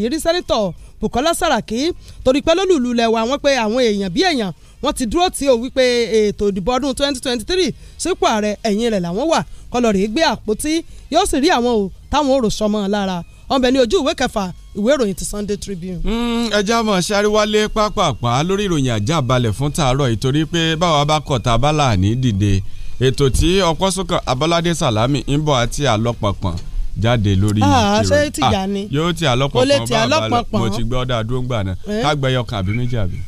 yìí rí sẹ́nitọ̀ Bukola Saraki torí pé lólùlù lẹ́wọ̀ àwọn pé àwọn èèyàn bí èèyàn wọ́n ti dúró tí o wípé ètò ìdìbò ọdún 2023 sípò ààrẹ ẹ̀yìn rẹ̀ làwọn wà kọlọ̀rì gbé àpótí yóò sì rí àwọn o táwọn ò rò sọmọ lára ọ̀n bẹ̀ ojú ìwé kẹfà ìwé ìròyìn ti Sunday Tribune. Hmm, ẹja mọ̀ ṣáríwálé pápápá lórí ìròyìn àjà balẹ̀ fún tàárọ̀ ìtorí pé báwa bá kọ̀ tá a bá là ní dìde ètò tí ọpọ́sọ́kàn Abọ́ládé Sàlámì ń bọ̀ àti àlọ́pọ̀pọ̀n jáde lórí ìṣirò ah, ṣé ti ah, yà ni yóò ti àlọ́pọ̀ kan bá a balẹ̀ mo ti gbọ́ dáa dúró ń gbà náà eh? ká gbẹ́yọ̀ kan àbí méjì àbí.